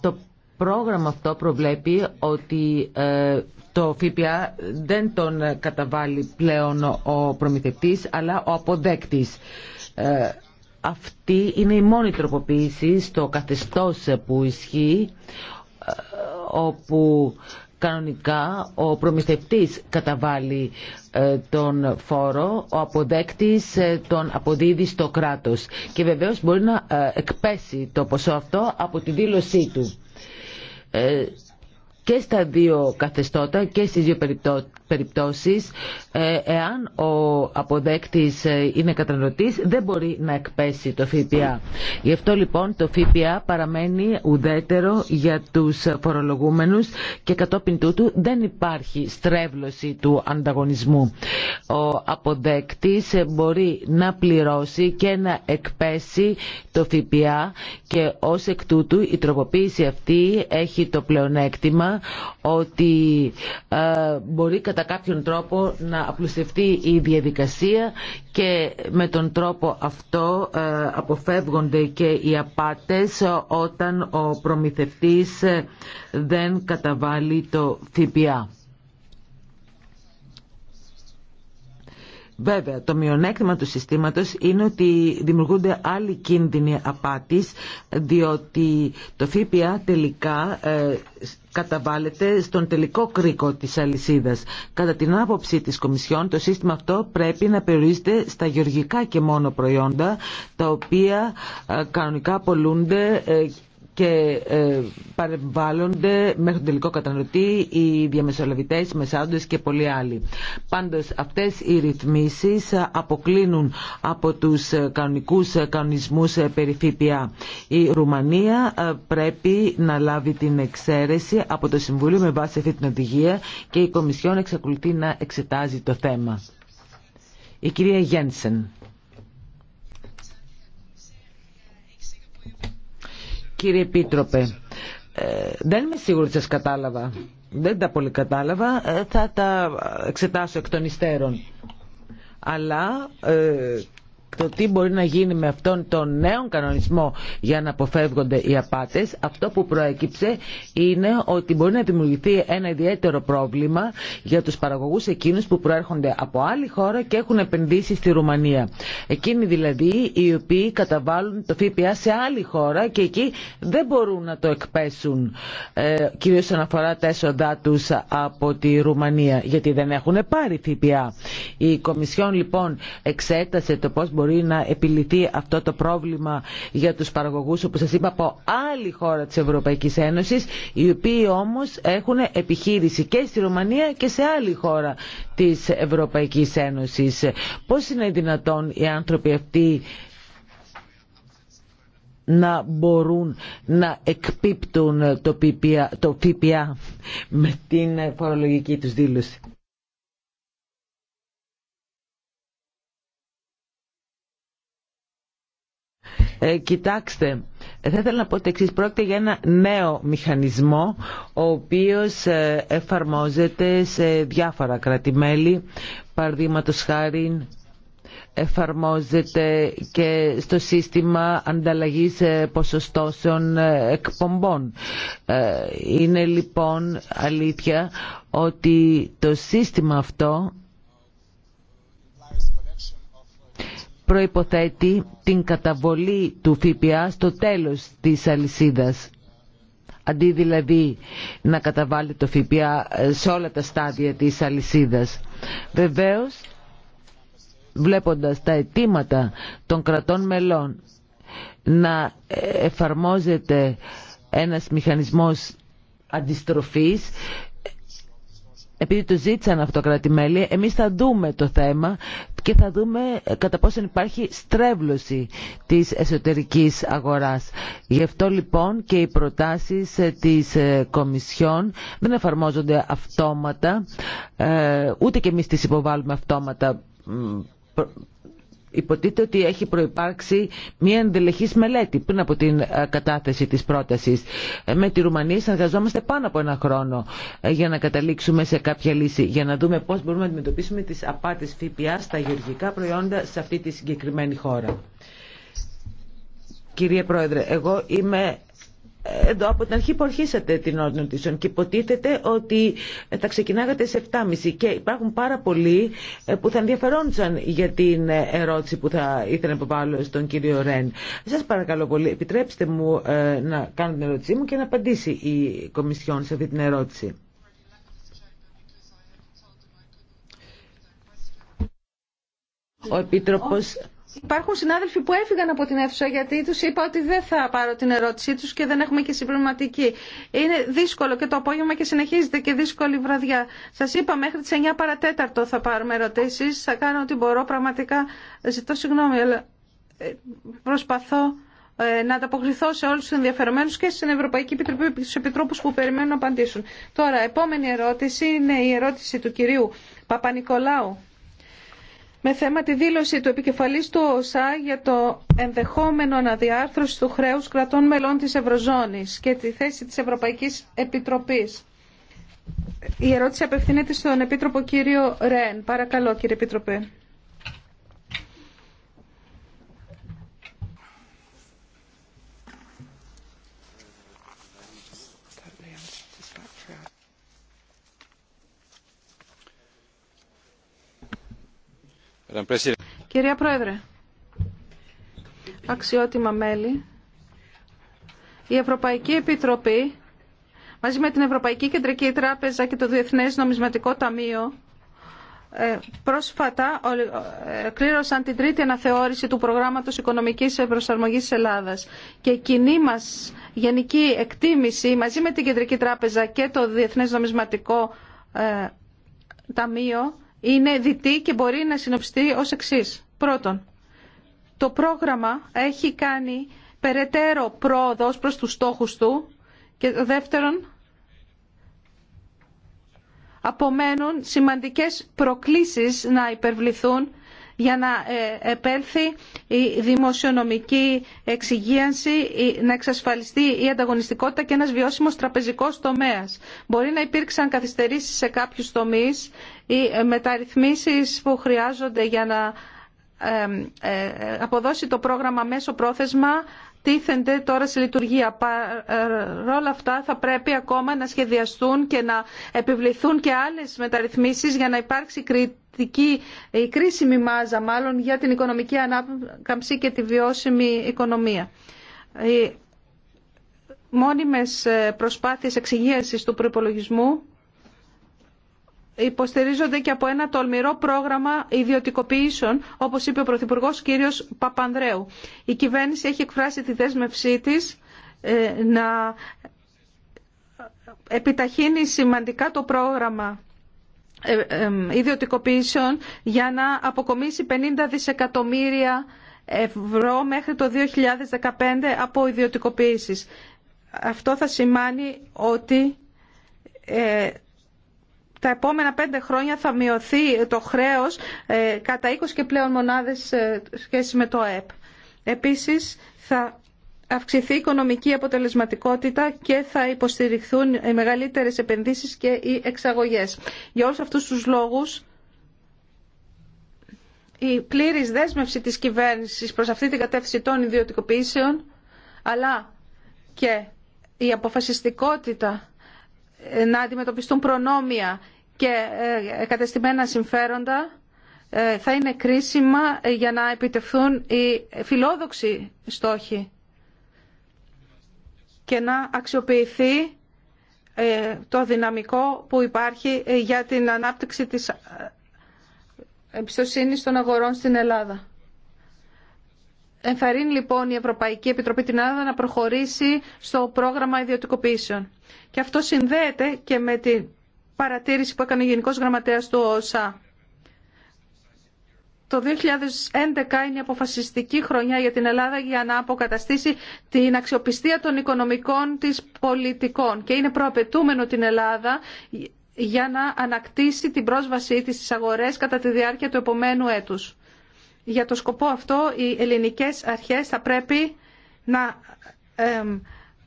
το πρόγραμμα αυτό προβλέπει ότι ε, το ΦΠΑ δεν τον καταβάλει πλέον ο προμηθευτής αλλά ο αποδέκτης. Αυτή είναι η μόνη τροποποίηση στο καθεστώς που ισχύει όπου Κανονικά ο προμηθευτής καταβάλει ε, τον φόρο, ο αποδέκτης ε, τον αποδίδει στο κράτος και βεβαίως μπορεί να ε, εκπέσει το ποσό αυτό από τη δήλωσή του και στα δύο καθεστώτα και στις δύο περιπτώσεις ε, εάν ο αποδέκτης ε, είναι καταναλωτής δεν μπορεί να εκπέσει το ΦΠΑ. Γι' αυτό λοιπόν το ΦΠΑ παραμένει ουδέτερο για τους φορολογούμενους και κατόπιν τούτου δεν υπάρχει στρέβλωση του ανταγωνισμού. Ο αποδέκτης ε, μπορεί να πληρώσει και να εκπέσει το ΦΠΑ και ως εκ τούτου η τροποποίηση αυτή έχει το πλεονέκτημα ότι ε, μπορεί κατά κάποιον τρόπο να απλουστευτεί η διαδικασία και με τον τρόπο αυτό ε, αποφεύγονται και οι απάτες όταν ο προμηθευτής ε, δεν καταβάλει το ΦΠΑ. Βέβαια, το μειονέκτημα του συστήματος είναι ότι δημιουργούνται άλλοι κίνδυνοι απάτης, διότι το ΦΠΑ τελικά ε, καταβάλλεται στον τελικό κρίκο της αλυσίδας. Κατά την άποψη της Κομισιόν, το σύστημα αυτό πρέπει να περιορίζεται στα γεωργικά και μόνο προϊόντα, τα οποία ε, κανονικά πολλούνται ε, και ε, παρεμβάλλονται μέχρι τον τελικό κατανοητή οι διαμεσολαβητές, οι μεσάντες και πολλοί άλλοι. Πάντως αυτές οι ρυθμίσεις αποκλίνουν από τους ε, κανονικούς ε, κανονισμούς περί ΦΠΑ. Η Ρουμανία πρέπει να λάβει την εξαίρεση από το Συμβούλιο με βάση αυτή την οδηγία και η Κομισιόν εξακολουθεί να εξετάζει το θέμα. Η κυρία Γένσεν. Κύριε Επίτροπε, ε, δεν είμαι σίγουρη ότι σας κατάλαβα. Δεν τα πολύ κατάλαβα. Ε, θα τα εξετάσω εκ των υστέρων. Αλλά ε, το τι μπορεί να γίνει με αυτόν τον νέο κανονισμό για να αποφεύγονται οι απάτες, αυτό που προέκυψε είναι ότι μπορεί να δημιουργηθεί ένα ιδιαίτερο πρόβλημα για τους παραγωγούς εκείνους που προέρχονται από άλλη χώρα και έχουν επενδύσει στη Ρουμανία. Εκείνοι δηλαδή οι οποίοι καταβάλουν το ΦΠΑ σε άλλη χώρα και εκεί δεν μπορούν να το εκπέσουν ε, κυρίως όσον αφορά τα έσοδά τους από τη Ρουμανία γιατί δεν έχουν πάρει ΦΠΑ. Η Κομισιόν λοιπόν εξέτασε το πώς μπορεί να επιληθεί αυτό το πρόβλημα για τους παραγωγούς όπως σας είπα από άλλη χώρα της Ευρωπαϊκής Ένωσης οι οποίοι όμως έχουν επιχείρηση και στη Ρουμανία και σε άλλη χώρα της Ευρωπαϊκής Ένωσης. Πώς είναι δυνατόν οι άνθρωποι αυτοί να μπορούν να εκπίπτουν το ΦΠΑ με την φορολογική τους δήλωση. Ε, κοιτάξτε, θα ήθελα να πω ότι εξής πρόκειται για ένα νέο μηχανισμό ο οποίος ε, εφαρμόζεται σε διάφορα κρατημέλη παραδείγματος χάρη εφαρμόζεται και στο σύστημα ανταλλαγής ε, ποσοστώσεων εκπομπών. Είναι λοιπόν αλήθεια ότι το σύστημα αυτό προϋποθέτει την καταβολή του ΦΠΑ στο τέλος της αλυσίδας. Αντί δηλαδή να καταβάλει το ΦΠΑ ε, σε όλα τα στάδια της αλυσίδας. Βεβαίως, βλέποντας τα αιτήματα των κρατών μελών να ε, εφαρμόζεται ένας μηχανισμός αντιστροφής επειδή το ζήτησαν αυτό μέλη, εμείς θα δούμε το θέμα και θα δούμε ε, κατά πόσον υπάρχει στρέβλωση της εσωτερικής αγοράς. Γι' αυτό λοιπόν και οι προτάσεις ε, της ε, Κομισιόν δεν εφαρμόζονται αυτόματα, ούτε και εμείς τις υποβάλλουμε αυτόματα υποτίθεται ότι έχει προϋπάρξει μια ενδελεχής μελέτη πριν από την ε, κατάθεση της πρότασης. Ε, με τη Ρουμανία συνεργαζόμαστε πάνω από ένα χρόνο ε, για να καταλήξουμε σε κάποια λύση, για να δούμε πώς μπορούμε να αντιμετωπίσουμε τις απάτες ΦΠΑ στα γεωργικά προϊόντα σε αυτή τη συγκεκριμένη χώρα. Κύριε Πρόεδρε, εγώ είμαι εδώ από την αρχή που αρχίσατε την All και υποτίθεται ότι θα ε, ξεκινάγατε σε 7.30 και υπάρχουν πάρα πολλοί ε, που θα ενδιαφερόντουσαν για την ε, ερώτηση που θα ήθελα να υποβάλω στον κύριο Ρεν. Σας παρακαλώ πολύ, επιτρέψτε μου να κάνω την ερώτησή μου και να απαντήσει η Κομισιόν σε αυτή την ερώτηση. Ο Επίτροπος Υπάρχουν συνάδελφοι που έφυγαν από την αίθουσα γιατί του είπα ότι δεν θα πάρω την ερώτησή του και δεν έχουμε και συμπληρωματική. Είναι δύσκολο και το απόγευμα και συνεχίζεται και δύσκολη βραδιά. Σα είπα μέχρι τι 9 παρατέταρτο θα πάρουμε ερωτήσει. Θα κάνω ό,τι μπορώ. Πραγματικά ζητώ συγγνώμη, αλλά ε, προσπαθώ ε, να ανταποκριθώ σε όλου του ενδιαφερομένου και στην Ευρωπαϊκή Επιτροπή και στου επιτρόπου που περιμένουν να απαντήσουν. Τώρα, επόμενη ερώτηση είναι η ερώτηση του κυρίου Παπα-Νικολάου με θέμα τη δήλωση του επικεφαλής του ΟΣΑ για το ενδεχόμενο αναδιάρθρωση του χρέους κρατών μελών της Ευρωζώνης και τη θέση της Ευρωπαϊκής Επιτροπής. Η ερώτηση απευθύνεται στον Επίτροπο κύριο Ρεν. Παρακαλώ κύριε Επίτροπε. Κυρία Πρόεδρε, αξιότιμα μέλη, η Ευρωπαϊκή Επιτροπή μαζί με την Ευρωπαϊκή Κεντρική Τράπεζα και το Διεθνές Νομισματικό Ταμείο ε, πρόσφατα ε, κλήρωσαν την τρίτη αναθεώρηση του προγράμματος οικονομικής προσαρμογής της Ελλάδας και η κοινή μας γενική εκτίμηση μαζί με την Κεντρική Τράπεζα και το Διεθνές Νομισματικό ε, Ταμείο είναι διτή και μπορεί να συνοψιστεί ως εξής. Πρώτον, το πρόγραμμα έχει κάνει περαιτέρω πρόοδος προς τους στόχους του και δεύτερον, απομένουν σημαντικές προκλήσεις να υπερβληθούν για να ε, επέλθει η δημοσιονομική εξυγίανση, να εξασφαλιστεί η ανταγωνιστικότητα και ένας βιώσιμος τραπεζικός τομέας. Μπορεί να υπήρξαν καθυστερήσεις σε κάποιους τομείς ή ε, μεταρρυθμίσεις που χρειάζονται για να ε, αποδώσει το πρόγραμμα μέσω πρόθεσμα τίθενται τώρα σε λειτουργία. όλα αυτά θα πρέπει ακόμα να σχεδιαστούν και να επιβληθούν και άλλες μεταρρυθμίσεις για να υπάρξει κριτική, η κρίσιμη μάζα μάλλον για την οικονομική ανάκαμψη και τη βιώσιμη οικονομία. Οι μόνιμες ε, προσπάθειες εξυγίασης του προϋπολογισμού υποστηρίζονται και από ένα τολμηρό πρόγραμμα ιδιωτικοποιήσεων, όπως είπε ο Πρωθυπουργός κύριος Παπανδρέου. Η κυβέρνηση έχει εκφράσει τη δέσμευσή της ε, να επιταχύνει σημαντικά το πρόγραμμα ε, ε, ιδιωτικοποιήσεων για να αποκομίσει 50 δισεκατομμύρια ευρώ μέχρι το 2015 από ιδιωτικοποιήσεις. Αυτό θα σημαίνει ότι τα επόμενα πέντε χρόνια θα μειωθεί το χρέος ε, κατά 20 και πλέον μονάδες ε, σχέση με το ΕΠ. Επίσης, θα αυξηθεί η οικονομική αποτελεσματικότητα και θα υποστηριχθούν οι μεγαλύτερες επενδύσεις και οι εξαγωγές. Για όλους αυτούς τους λόγους, η πλήρης δέσμευση της κυβέρνησης προς αυτή την κατεύθυνση των ιδιωτικοποιήσεων, αλλά και η αποφασιστικότητα ε, να αντιμετωπιστούν προνόμια και ε, κατεστημένα συμφέροντα ε, θα είναι κρίσιμα για να επιτευχθούν οι φιλόδοξοι στόχοι και να αξιοποιηθεί το δυναμικό που υπάρχει για την ανάπτυξη της εμπιστοσύνης των αγορών στην Ελλάδα. Ενθαρρύνει λοιπόν η Ευρωπαϊκή Επιτροπή την Ελλάδα να προχωρήσει στο πρόγραμμα ιδιωτικοποίησεων. Και αυτό συνδέεται και με την παρατήρηση που έκανε ο Γενικός Γραμματέας του ΟΣΑ. Το 2011 είναι η αποφασιστική χρονιά για την Ελλάδα για να αποκαταστήσει την αξιοπιστία των οικονομικών της πολιτικών και είναι προαπαιτούμενο την Ελλάδα για να ανακτήσει την πρόσβασή της στις αγορές κατά τη διάρκεια του επομένου έτους. Για το σκοπό αυτό οι ελληνικές αρχές θα πρέπει να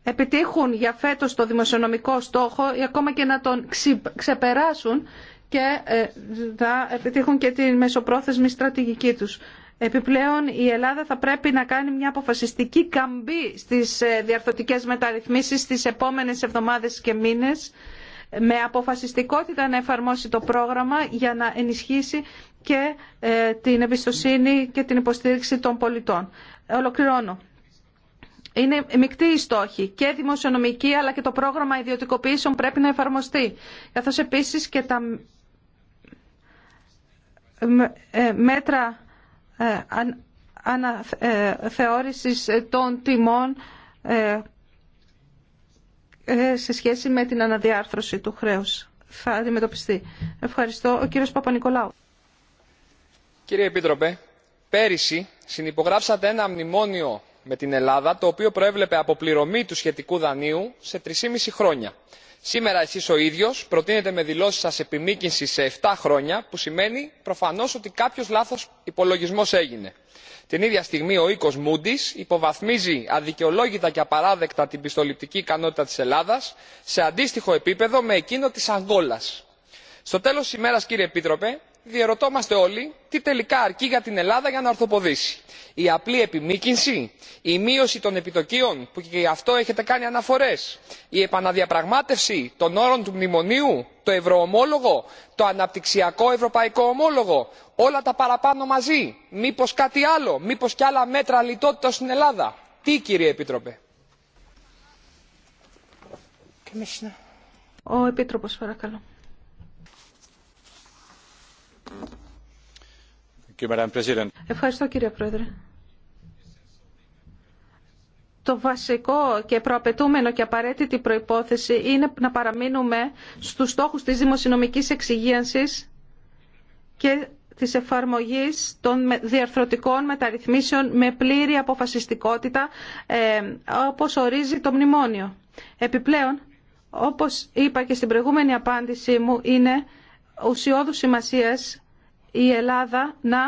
επιτύχουν για φέτος το δημοσιονομικό στόχο ή ακόμα και να τον ξεπεράσουν και ε, θα επιτύχουν και τη μεσοπρόθεσμη στρατηγική τους. Επιπλέον η Ελλάδα θα πρέπει να κάνει μια αποφασιστική καμπή στις ε, διαρθωτικές μεταρρυθμίσεις στις επόμενες εβδομάδες και μήνες με αποφασιστικότητα να εφαρμόσει το πρόγραμμα για να ενισχύσει και ε, την εμπιστοσύνη και την υποστήριξη των πολιτών. Ολοκληρώνω. Είναι μεικτή η στόχη και δημοσιονομική αλλά και το πρόγραμμα ιδιωτικοποιήσεων πρέπει να εφαρμοστεί. Καθώς επίσης και τα ε, μέτρα ε, αναθεώρησης των τιμών ε, σε σχέση με την αναδιάρθρωση του χρέους θα αντιμετωπιστεί. Ευχαριστώ. Ο κύριος Παπα-Νικολάου. Κύριε Επίτροπε, πέρυσι συνυπογράψατε ένα μνημόνιο με την Ελλάδα το οποίο προέβλεπε αποπληρωμή του σχετικού δανείου σε 3,5 χρόνια σήμερα εσείς ο ίδιος προτείνετε με δηλώσεις σας επιμήκυνση σε 7 χρόνια που σημαίνει προφανώς ότι κάποιος λάθος υπολογισμός έγινε. Την ίδια στιγμή ο οίκος Moody's υποβαθμίζει αδικαιολόγητα και απαράδεκτα την πιστοληπτική ικανότητα της Ελλάδας σε αντίστοιχο επίπεδο με εκείνο της Αγγόλας. Στο τέλος της ημέρας κύριε Επίτροπε Διερωτώμαστε όλοι τι τελικά αρκεί για την ελλάδα για να ορθοποδήσει η απλή επιμήκυνση η μείωση των επιτοκίων που και γι' αυτό έχετε κάνει αναφορές η επαναδιαπραγμάτευση των όρων του μνημονίου το ευρωομόλογο το αναπτυξιακό ευρωπαϊκό ομόλογο όλα τα παραπάνω μαζί μήπως κάτι άλλο μήπως και άλλα μέτρα λιτότητας στην ελλάδα. τι κύριε επίτροπε; Ο Επίτροπος παρακαλώ. Ευχαριστώ κύριε Πρόεδρε. Το βασικό και προαπαιτούμενο και απαραίτητη προϋπόθεση είναι να παραμείνουμε στους στόχους της δημοσιονομικής εξυγίανσης και της εφαρμογής των διαρθρωτικών μεταρρυθμίσεων με πλήρη αποφασιστικότητα ε, όπως ορίζει το μνημόνιο. Επιπλέον, όπως είπα και στην προηγούμενη απάντησή μου, είναι ουσιώδου σημασίας η Ελλάδα να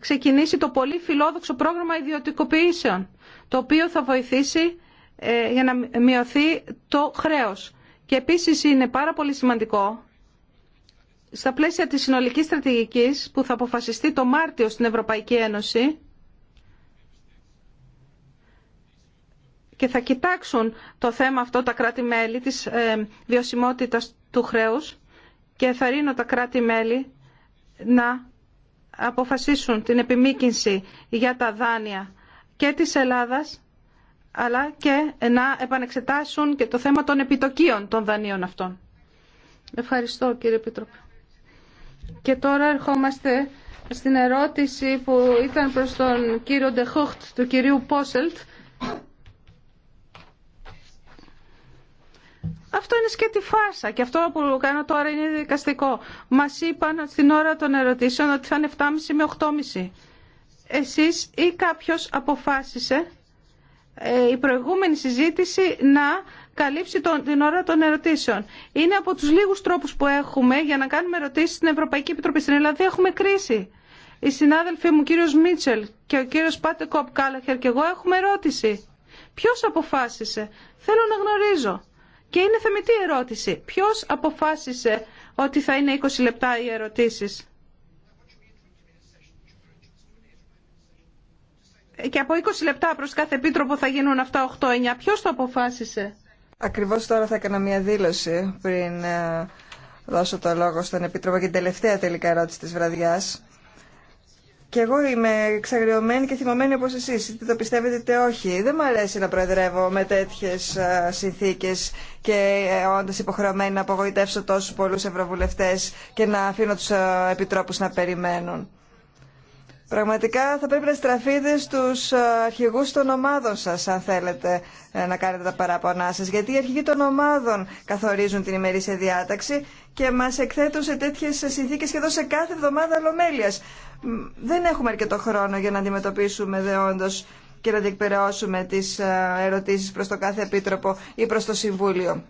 ξεκινήσει το πολύ φιλόδοξο πρόγραμμα ιδιωτικοποιήσεων, το οποίο θα βοηθήσει ε, για να μειωθεί το χρέος. Και επίσης είναι πάρα πολύ σημαντικό στα πλαίσια της συνολικής στρατηγικής που θα αποφασιστεί το Μάρτιο στην Ευρωπαϊκή Ένωση και θα κοιτάξουν το θέμα αυτό τα κράτη-μέλη της ε, βιωσιμότητας του χρέους και θα ρίνω τα κράτη-μέλη να αποφασίσουν την επιμήκυνση για τα δάνεια και της Ελλάδας αλλά και να επανεξετάσουν και το θέμα των επιτοκίων των δανείων αυτών. Ευχαριστώ κύριε Πίτροπε. Και τώρα ερχόμαστε στην ερώτηση που ήταν προς τον κύριο Ντεχόχτ του κυρίου Πόσελτ Αυτό είναι σκέτη φάρσα και αυτό που κάνω τώρα είναι δικαστικό. Μα είπαν στην ώρα των ερωτήσεων ότι θα είναι 7.30 με 8.30. Εσεί ή κάποιο αποφάσισε ε, η καποιο αποφασισε η συζήτηση να καλύψει τον, την ώρα των ερωτήσεων. Είναι από του λίγου τρόπου που έχουμε για να κάνουμε ερωτήσει στην Ευρωπαϊκή Επιτροπή. Στην Ελλάδα έχουμε κρίση. Οι συνάδελφοί μου, κύριο Μίτσελ και ο κύριο Πάτε Κόπ Κάλαχερ και εγώ έχουμε ερώτηση. Ποιο αποφάσισε. Θέλω να γνωρίζω. Και είναι θεμητή ερώτηση. Ποιος αποφάσισε ότι θα είναι 20 λεπτά οι ερωτήσεις. Και από 20 λεπτά προς κάθε επίτροπο θα γίνουν αυτά 8-9. Ποιος το αποφάσισε. Ακριβώς τώρα θα έκανα μια δήλωση πριν ε, δώσω το λόγο στον Επίτροπο για την τελευταία τελικά ερώτηση της βραδιάς. Και εγώ είμαι εξαγριωμένη και θυμωμένη όπως εσείς, είτε το πιστεύετε είτε όχι. Δεν μου αρέσει να προεδρεύω με τέτοιες συνθήκες και ε, όντω υποχρεωμένη να απογοητεύσω τόσους πολλούς ευρωβουλευτές και να αφήνω τους επιτρόπους να περιμένουν. Πραγματικά θα πρέπει να στραφείτε στους ε, αρχηγούς των ομάδων σας, αν θέλετε ε, να κάνετε τα παράπονά σας, γιατί οι αρχηγοί των ομάδων καθορίζουν την ημερήσια διάταξη και μας εκθέτουν σε τέτοιες συνθήκες σχεδόν σε κάθε εβδομάδα λομέλεια. Δεν έχουμε αρκετό χρόνο για να αντιμετωπίσουμε δεόντως και να διεκπαιρεώσουμε τις ε, ερωτήσεις προς το κάθε επίτροπο ή προς το Συμβούλιο.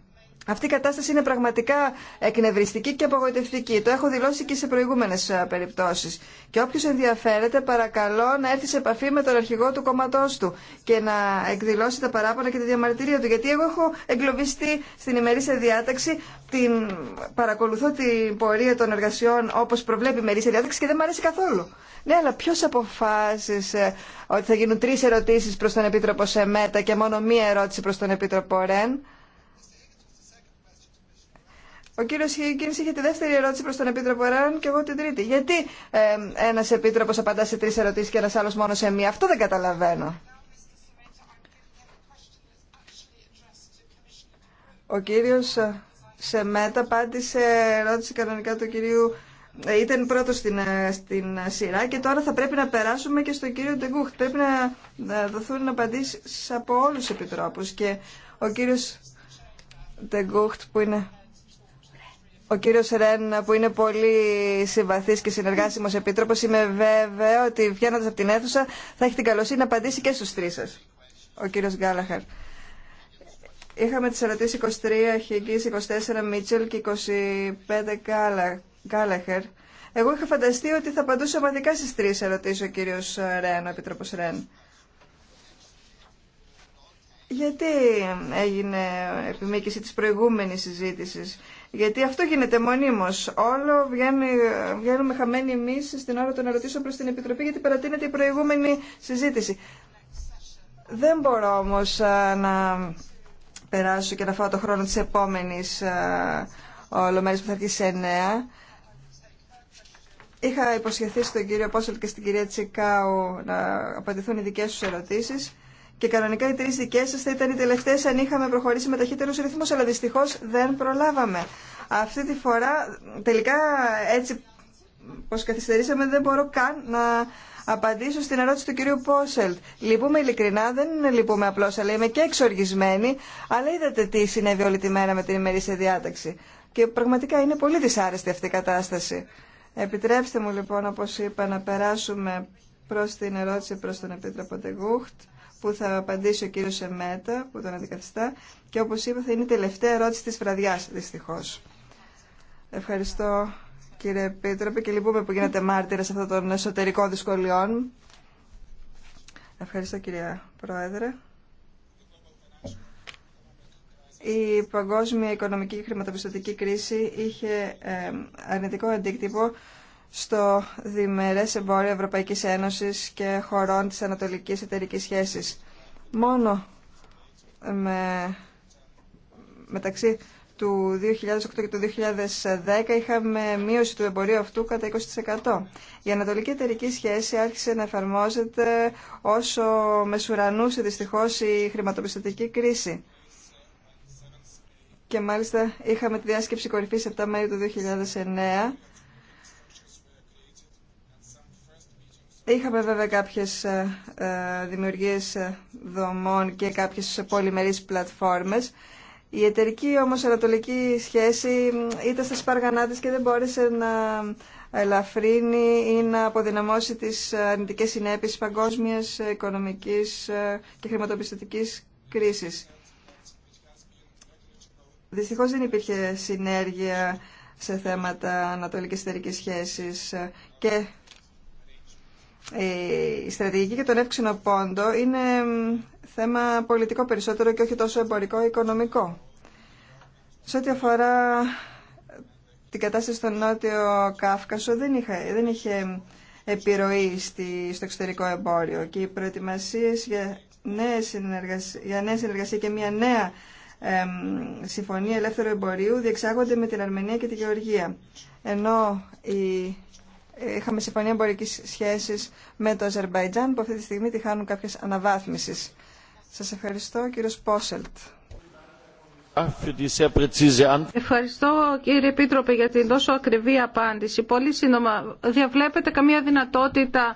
Αυτή η κατάσταση είναι πραγματικά εκνευριστική και απογοητευτική. Το έχω δηλώσει και σε προηγούμενε περιπτώσει. Και όποιο ενδιαφέρεται, παρακαλώ να έρθει σε επαφή με τον αρχηγό του κόμματό του και να εκδηλώσει τα παράπονα και τη διαμαρτυρία του. Γιατί εγώ έχω εγκλωβιστεί στην ημερήσια διάταξη, την... παρακολουθώ την πορεία των εργασιών όπω προβλέπει η ημερήσια διάταξη και δεν μου αρέσει καθόλου. Ναι, αλλά ποιο αποφάσισε ε, ότι θα γίνουν τρει ερωτήσει προ τον Επίτροπο Σεμέτα και μόνο μία ερώτηση προ τον Επίτροπο Ρεν. Ο κύριο Χίγκιν είχε τη δεύτερη ερώτηση προ τον Επίτροπο Εράν και εγώ την τρίτη. Γιατί ε, ένας Επίτροπος απαντά σε τρει ερωτήσεις και ένα άλλο μόνο σε μία. Αυτό δεν καταλαβαίνω. Ο κύριο ε, Σεμέτα απάντησε ερώτηση κανονικά του κυρίου ε, ήταν πρώτο στην, ε, σειρά και τώρα θα πρέπει να περάσουμε και στον κύριο Ντεγκούχτ. Πρέπει να, δοθούν απαντήσει από όλου του επιτρόπου. Και ο κύριο Ντεγκούχτ, που είναι ο κύριο Ρεν που είναι πολύ συμβαθή και συνεργάσιμος επίτροπος είμαι βέβαιο ότι βγαίνοντα από την αίθουσα θα έχει την καλοσύνη να απαντήσει και στου τρει σα. Ο κύριο Γκάλαχαρ. Είχαμε τις ερωτήσεις 23 Χιγκής, 24 Μίτσελ και 25 Γκάλαχερ. Εγώ είχα φανταστεί ότι θα απαντούσε ομαδικά στις τρεις ερωτήσεις ο κύριος Ρεν, ο Επίτροπος Ρεν. Γιατί έγινε επιμήκυση της προηγούμενης συζήτησης. Γιατί αυτό γίνεται μονίμως. Όλο βγαίνουμε χαμένοι εμείς στην ώρα των ερωτήσεων προς την Επιτροπή γιατί παρατείνεται η προηγούμενη συζήτηση. Δεν μπορώ όμως ε, να περάσω και να φάω το χρόνο της επόμενης ε, ολομέρειας που θα αρχίσει σε νέα. Είχα υποσχεθεί στον κύριο Πόσολ και στην κυρία Τσικάου να απαντηθούν οι δικές τους ερωτήσεις. Και κανονικά οι τρει δικέ σα θα ήταν οι τελευταίε αν είχαμε προχωρήσει με ταχύτερου ρυθμού, αλλά δυστυχώ δεν προλάβαμε. Αυτή τη φορά τελικά έτσι πω καθυστερήσαμε δεν μπορώ καν να απαντήσω στην ερώτηση του κυρίου Πόσελτ. Λυπούμε ειλικρινά, δεν λυπούμε απλώ, αλλά είμαι και εξοργισμένη. Αλλά είδατε τι συνέβη όλη τη μέρα με την ημερήσια διάταξη. Και πραγματικά είναι πολύ δυσάρεστη αυτή η κατάσταση. Επιτρέψτε μου λοιπόν, όπω είπα, να περάσουμε προ την ερώτηση προ τον Επίτροπο Ντεγούχτ που θα απαντήσει ο κύριος Σεμέτα που τον αντικαθιστά και όπως είπα θα είναι η τελευταία ερώτηση της βραδιάς δυστυχώς. Ευχαριστώ κύριε Πίτροπε, και λυπούμε που γίνατε σε αυτών των εσωτερικών δυσκολιών. Ευχαριστώ κυρία Πρόεδρε. Η παγκόσμια οικονομική και χρηματοπιστωτική κρίση είχε ε, αρνητικό αντίκτυπο στο διμερέ εμπόριο Ευρωπαϊκής Ένωσης και χωρών της Ανατολικής εταιρική σχέση. Μόνο με, μεταξύ του 2008 και του 2010 είχαμε μείωση του εμπορίου αυτού κατά 20%. Η ανατολική εταιρική σχέση άρχισε να εφαρμόζεται όσο μεσουρανούσε δυστυχώς η χρηματοπιστωτική κρίση. Και μάλιστα είχαμε τη διάσκεψη κορυφή 7 Μαΐου του 2009 Είχαμε βέβαια κάποιες ε, ε, δημιουργίες ε, δομών και κάποιες πολυμερείς πλατφόρμες. Η εταιρική όμως ανατολική σχέση ήταν στα σπαργανά της και δεν μπόρεσε να ελαφρύνει ή να αποδυναμώσει τις αρνητικές συνέπειες παγκόσμιας οικονομικής και χρηματοπιστωτικής κρίσης. Δυστυχώς δεν υπήρχε συνέργεια σε θέματα ανατολικής εταιρικής σχέσης και ε, η στρατηγική για τον εύξηνο πόντο είναι θέμα πολιτικό περισσότερο και όχι τόσο εμπορικό οικονομικό. Σε ό,τι αφορά την κατάσταση στον Νότιο Κάφκασο δεν είχε, δεν είχε επιρροή στη, στο εξωτερικό εμπόριο και οι προετοιμασίες για νέα συνεργασία, και μια νέα συμφωνία ελεύθερου εμπορίου διεξάγονται με την Αρμενία και τη Γεωργία. Ενώ η είχαμε συμφωνία εμπορική σχέση με το Αζερβαϊτζάν που αυτή τη στιγμή τη χάνουν κάποιε αναβάθμισει. Σα ευχαριστώ, κύριο Πόσελτ. Ευχαριστώ κύριε Επίτροπε για την τόσο ακριβή απάντηση. Πολύ σύντομα, διαβλέπετε καμία δυνατότητα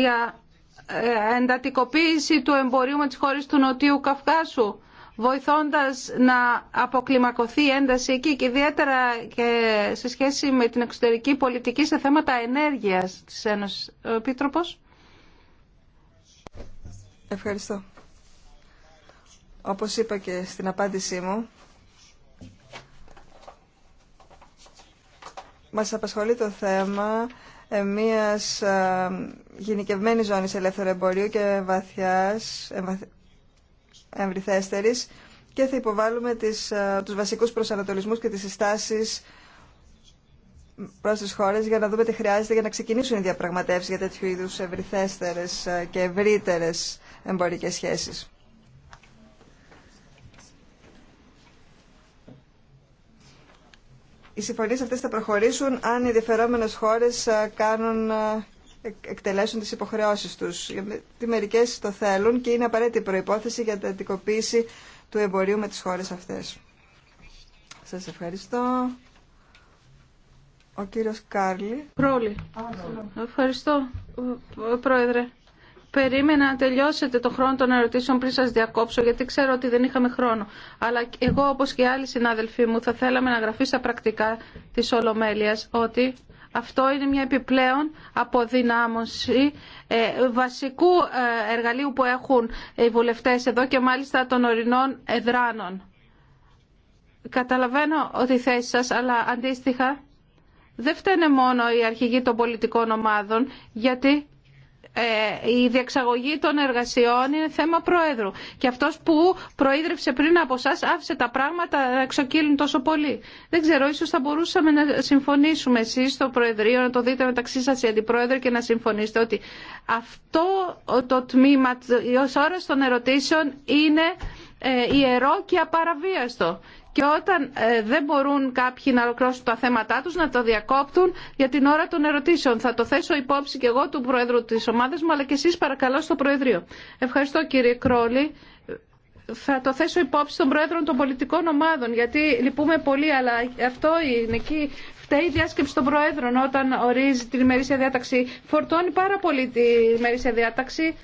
για ε, εντατικοποίηση του εμπορίου με τις χώρες του Νοτιού Καυκάσου βοηθώντας να αποκλιμακωθεί η ένταση εκεί και ιδιαίτερα και σε σχέση με την εξωτερική πολιτική σε θέματα ενέργειας της Ένωσης. Ο Ευχαριστώ. Όπως είπα και στην απάντησή μου, μας απασχολεί το θέμα ε, μιας ε, γενικευμένης ζώνης ελεύθερου εμπορίου και βαθιάς, ε, εμβριθέστερης και θα υποβάλουμε τις, ε, τους βασικούς προσανατολισμούς και τις συστάσεις προς τις χώρες για να δούμε τι χρειάζεται για να ξεκινήσουν οι διαπραγματεύσεις για τέτοιου είδους ευρυθέστερες ε, και ευρύτερες εμπορικές σχέσεις. Οι συμφωνίες αυτές θα προχωρήσουν αν οι ενδιαφερόμενες χώρες ε, κάνουν εκτελέσουν τις υποχρεώσεις τους. Γιατί μερικές το θέλουν και είναι απαραίτητη προϋπόθεση για την αντικοποίηση του εμπορίου με τις χώρες αυτές. Σας ευχαριστώ. Ο κύριος Κάρλι. Πρόλη. Ευχαριστώ, Πρόεδρε. Περίμενα να τελειώσετε το χρόνο των ερωτήσεων πριν σας διακόψω, γιατί ξέρω ότι δεν είχαμε χρόνο. Αλλά εγώ, όπως και άλλοι συνάδελφοί μου, θα θέλαμε να γραφεί στα πρακτικά της Ολομέλειας ότι αυτό είναι μια επιπλέον αποδυνάμωση ε, βασικού ε, εργαλείου που έχουν οι βουλευτές εδώ και μάλιστα των ορεινών εδράνων. Καταλαβαίνω ότι θέση σας, αλλά αντίστοιχα δεν φταίνε μόνο οι αρχηγοί των πολιτικών ομάδων, γιατί ε, η διεξαγωγή των εργασιών είναι θέμα Προέδρου. Και αυτός που προείδρευσε πριν από εσά άφησε τα πράγματα να εξοκύλουν τόσο πολύ. Δεν ξέρω, ίσως θα μπορούσαμε να συμφωνήσουμε εσεί στο Προεδρείο, να το δείτε μεταξύ σα, οι Αντιπρόεδροι και να συμφωνήσετε ότι αυτό το τμήμα, ω ώρα των ερωτήσεων είναι ε, ιερό και απαραβίαστο και όταν ε, δεν μπορούν κάποιοι να ολοκληρώσουν τα θέματά τους να το διακόπτουν για την ώρα των ερωτήσεων. Θα το θέσω υπόψη και εγώ του Προέδρου της ομάδας μου αλλά και εσείς παρακαλώ στο Προεδρείο. Ευχαριστώ κύριε Κρόλη. Θα το θέσω υπόψη των Προέδρων των πολιτικών ομάδων γιατί λυπούμε πολύ αλλά αυτό είναι εκεί η διάσκεψη των Προέδρων όταν ορίζει την ημερήσια διάταξη. Φορτώνει πάρα πολύ την ημερήσια διάταξη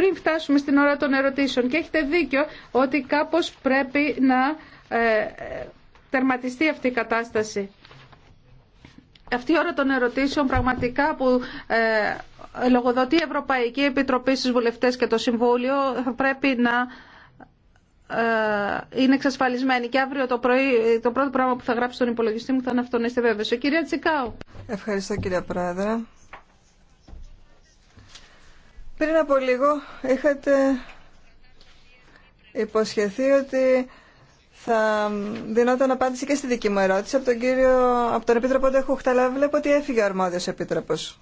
πριν φτάσουμε στην ώρα των ερωτήσεων. Και έχετε δίκιο ότι κάπως πρέπει να ε, τερματιστεί αυτή η κατάσταση. Αυτή η ώρα των ερωτήσεων πραγματικά που ε, λογοδοτεί η Ευρωπαϊκή Επιτροπή στους βουλευτές και το Συμβούλιο θα πρέπει να ε, είναι εξασφαλισμένη. Και αύριο το πρωί το πρώτο πράγμα που θα γράψει στον υπολογιστή μου θα είναι αυτό, να είστε βέβαιος. κυρία Τσικάου. Ευχαριστώ κυρία Πρόεδρε. Πριν από λίγο είχατε υποσχεθεί ότι θα δινόταν απάντηση και στη δική μου ερώτηση από τον, κύριο, από τον Επίτροπο έχω αλλά βλέπω ότι έφυγε ο αρμόδιος Επίτροπος.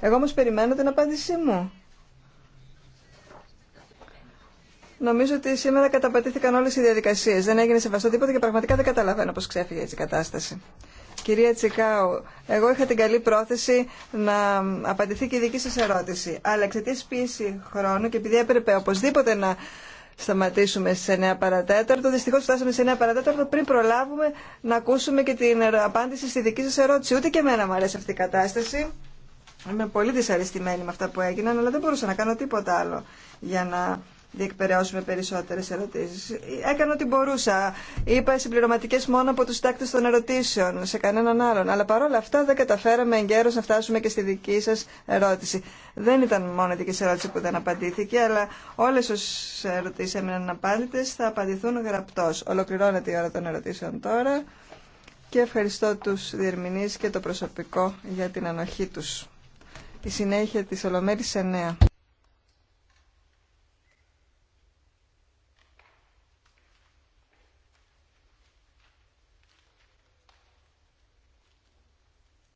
Εγώ όμως περιμένω την απάντησή μου. Νομίζω ότι σήμερα καταπατήθηκαν όλες οι διαδικασίες. Δεν έγινε σεβαστό τίποτα και πραγματικά δεν καταλαβαίνω πώς ξέφυγε έτσι η κατάσταση. Κυρία Τσικάου, εγώ είχα την καλή πρόθεση να απαντηθεί και η δική σας ερώτηση. Αλλά εξαιτία πίεση χρόνου και επειδή έπρεπε οπωσδήποτε να σταματήσουμε σε 9 παρατέταρτο, δυστυχώ φτάσαμε σε 9 παρατέταρτο πριν προλάβουμε να ακούσουμε και την απάντηση στη δική σας ερώτηση. Ούτε και εμένα μου αρέσει αυτή η κατάσταση. Είμαι πολύ δυσαρεστημένη με αυτά που έγιναν, αλλά δεν μπορούσα να κάνω τίποτα άλλο για να διεκπαιρεώσουμε περισσότερες ερωτήσεις. Έκανα ό,τι μπορούσα. Είπα συμπληρωματικέ μόνο από τους τάκτες των ερωτήσεων, σε κανέναν άλλον. Αλλά παρόλα αυτά δεν καταφέραμε εγκαίρως να φτάσουμε και στη δική σας ερώτηση. Δεν ήταν μόνο η δική ερώτηση που δεν απαντήθηκε, αλλά όλες όσες ερωτήσεις έμειναν απάντητες θα απαντηθούν γραπτώς. Ολοκληρώνεται η ώρα των ερωτήσεων τώρα και ευχαριστώ τους διερμηνείς και το προσωπικό για την ανοχή τους. Η συνέχεια της Ολομέρης 9.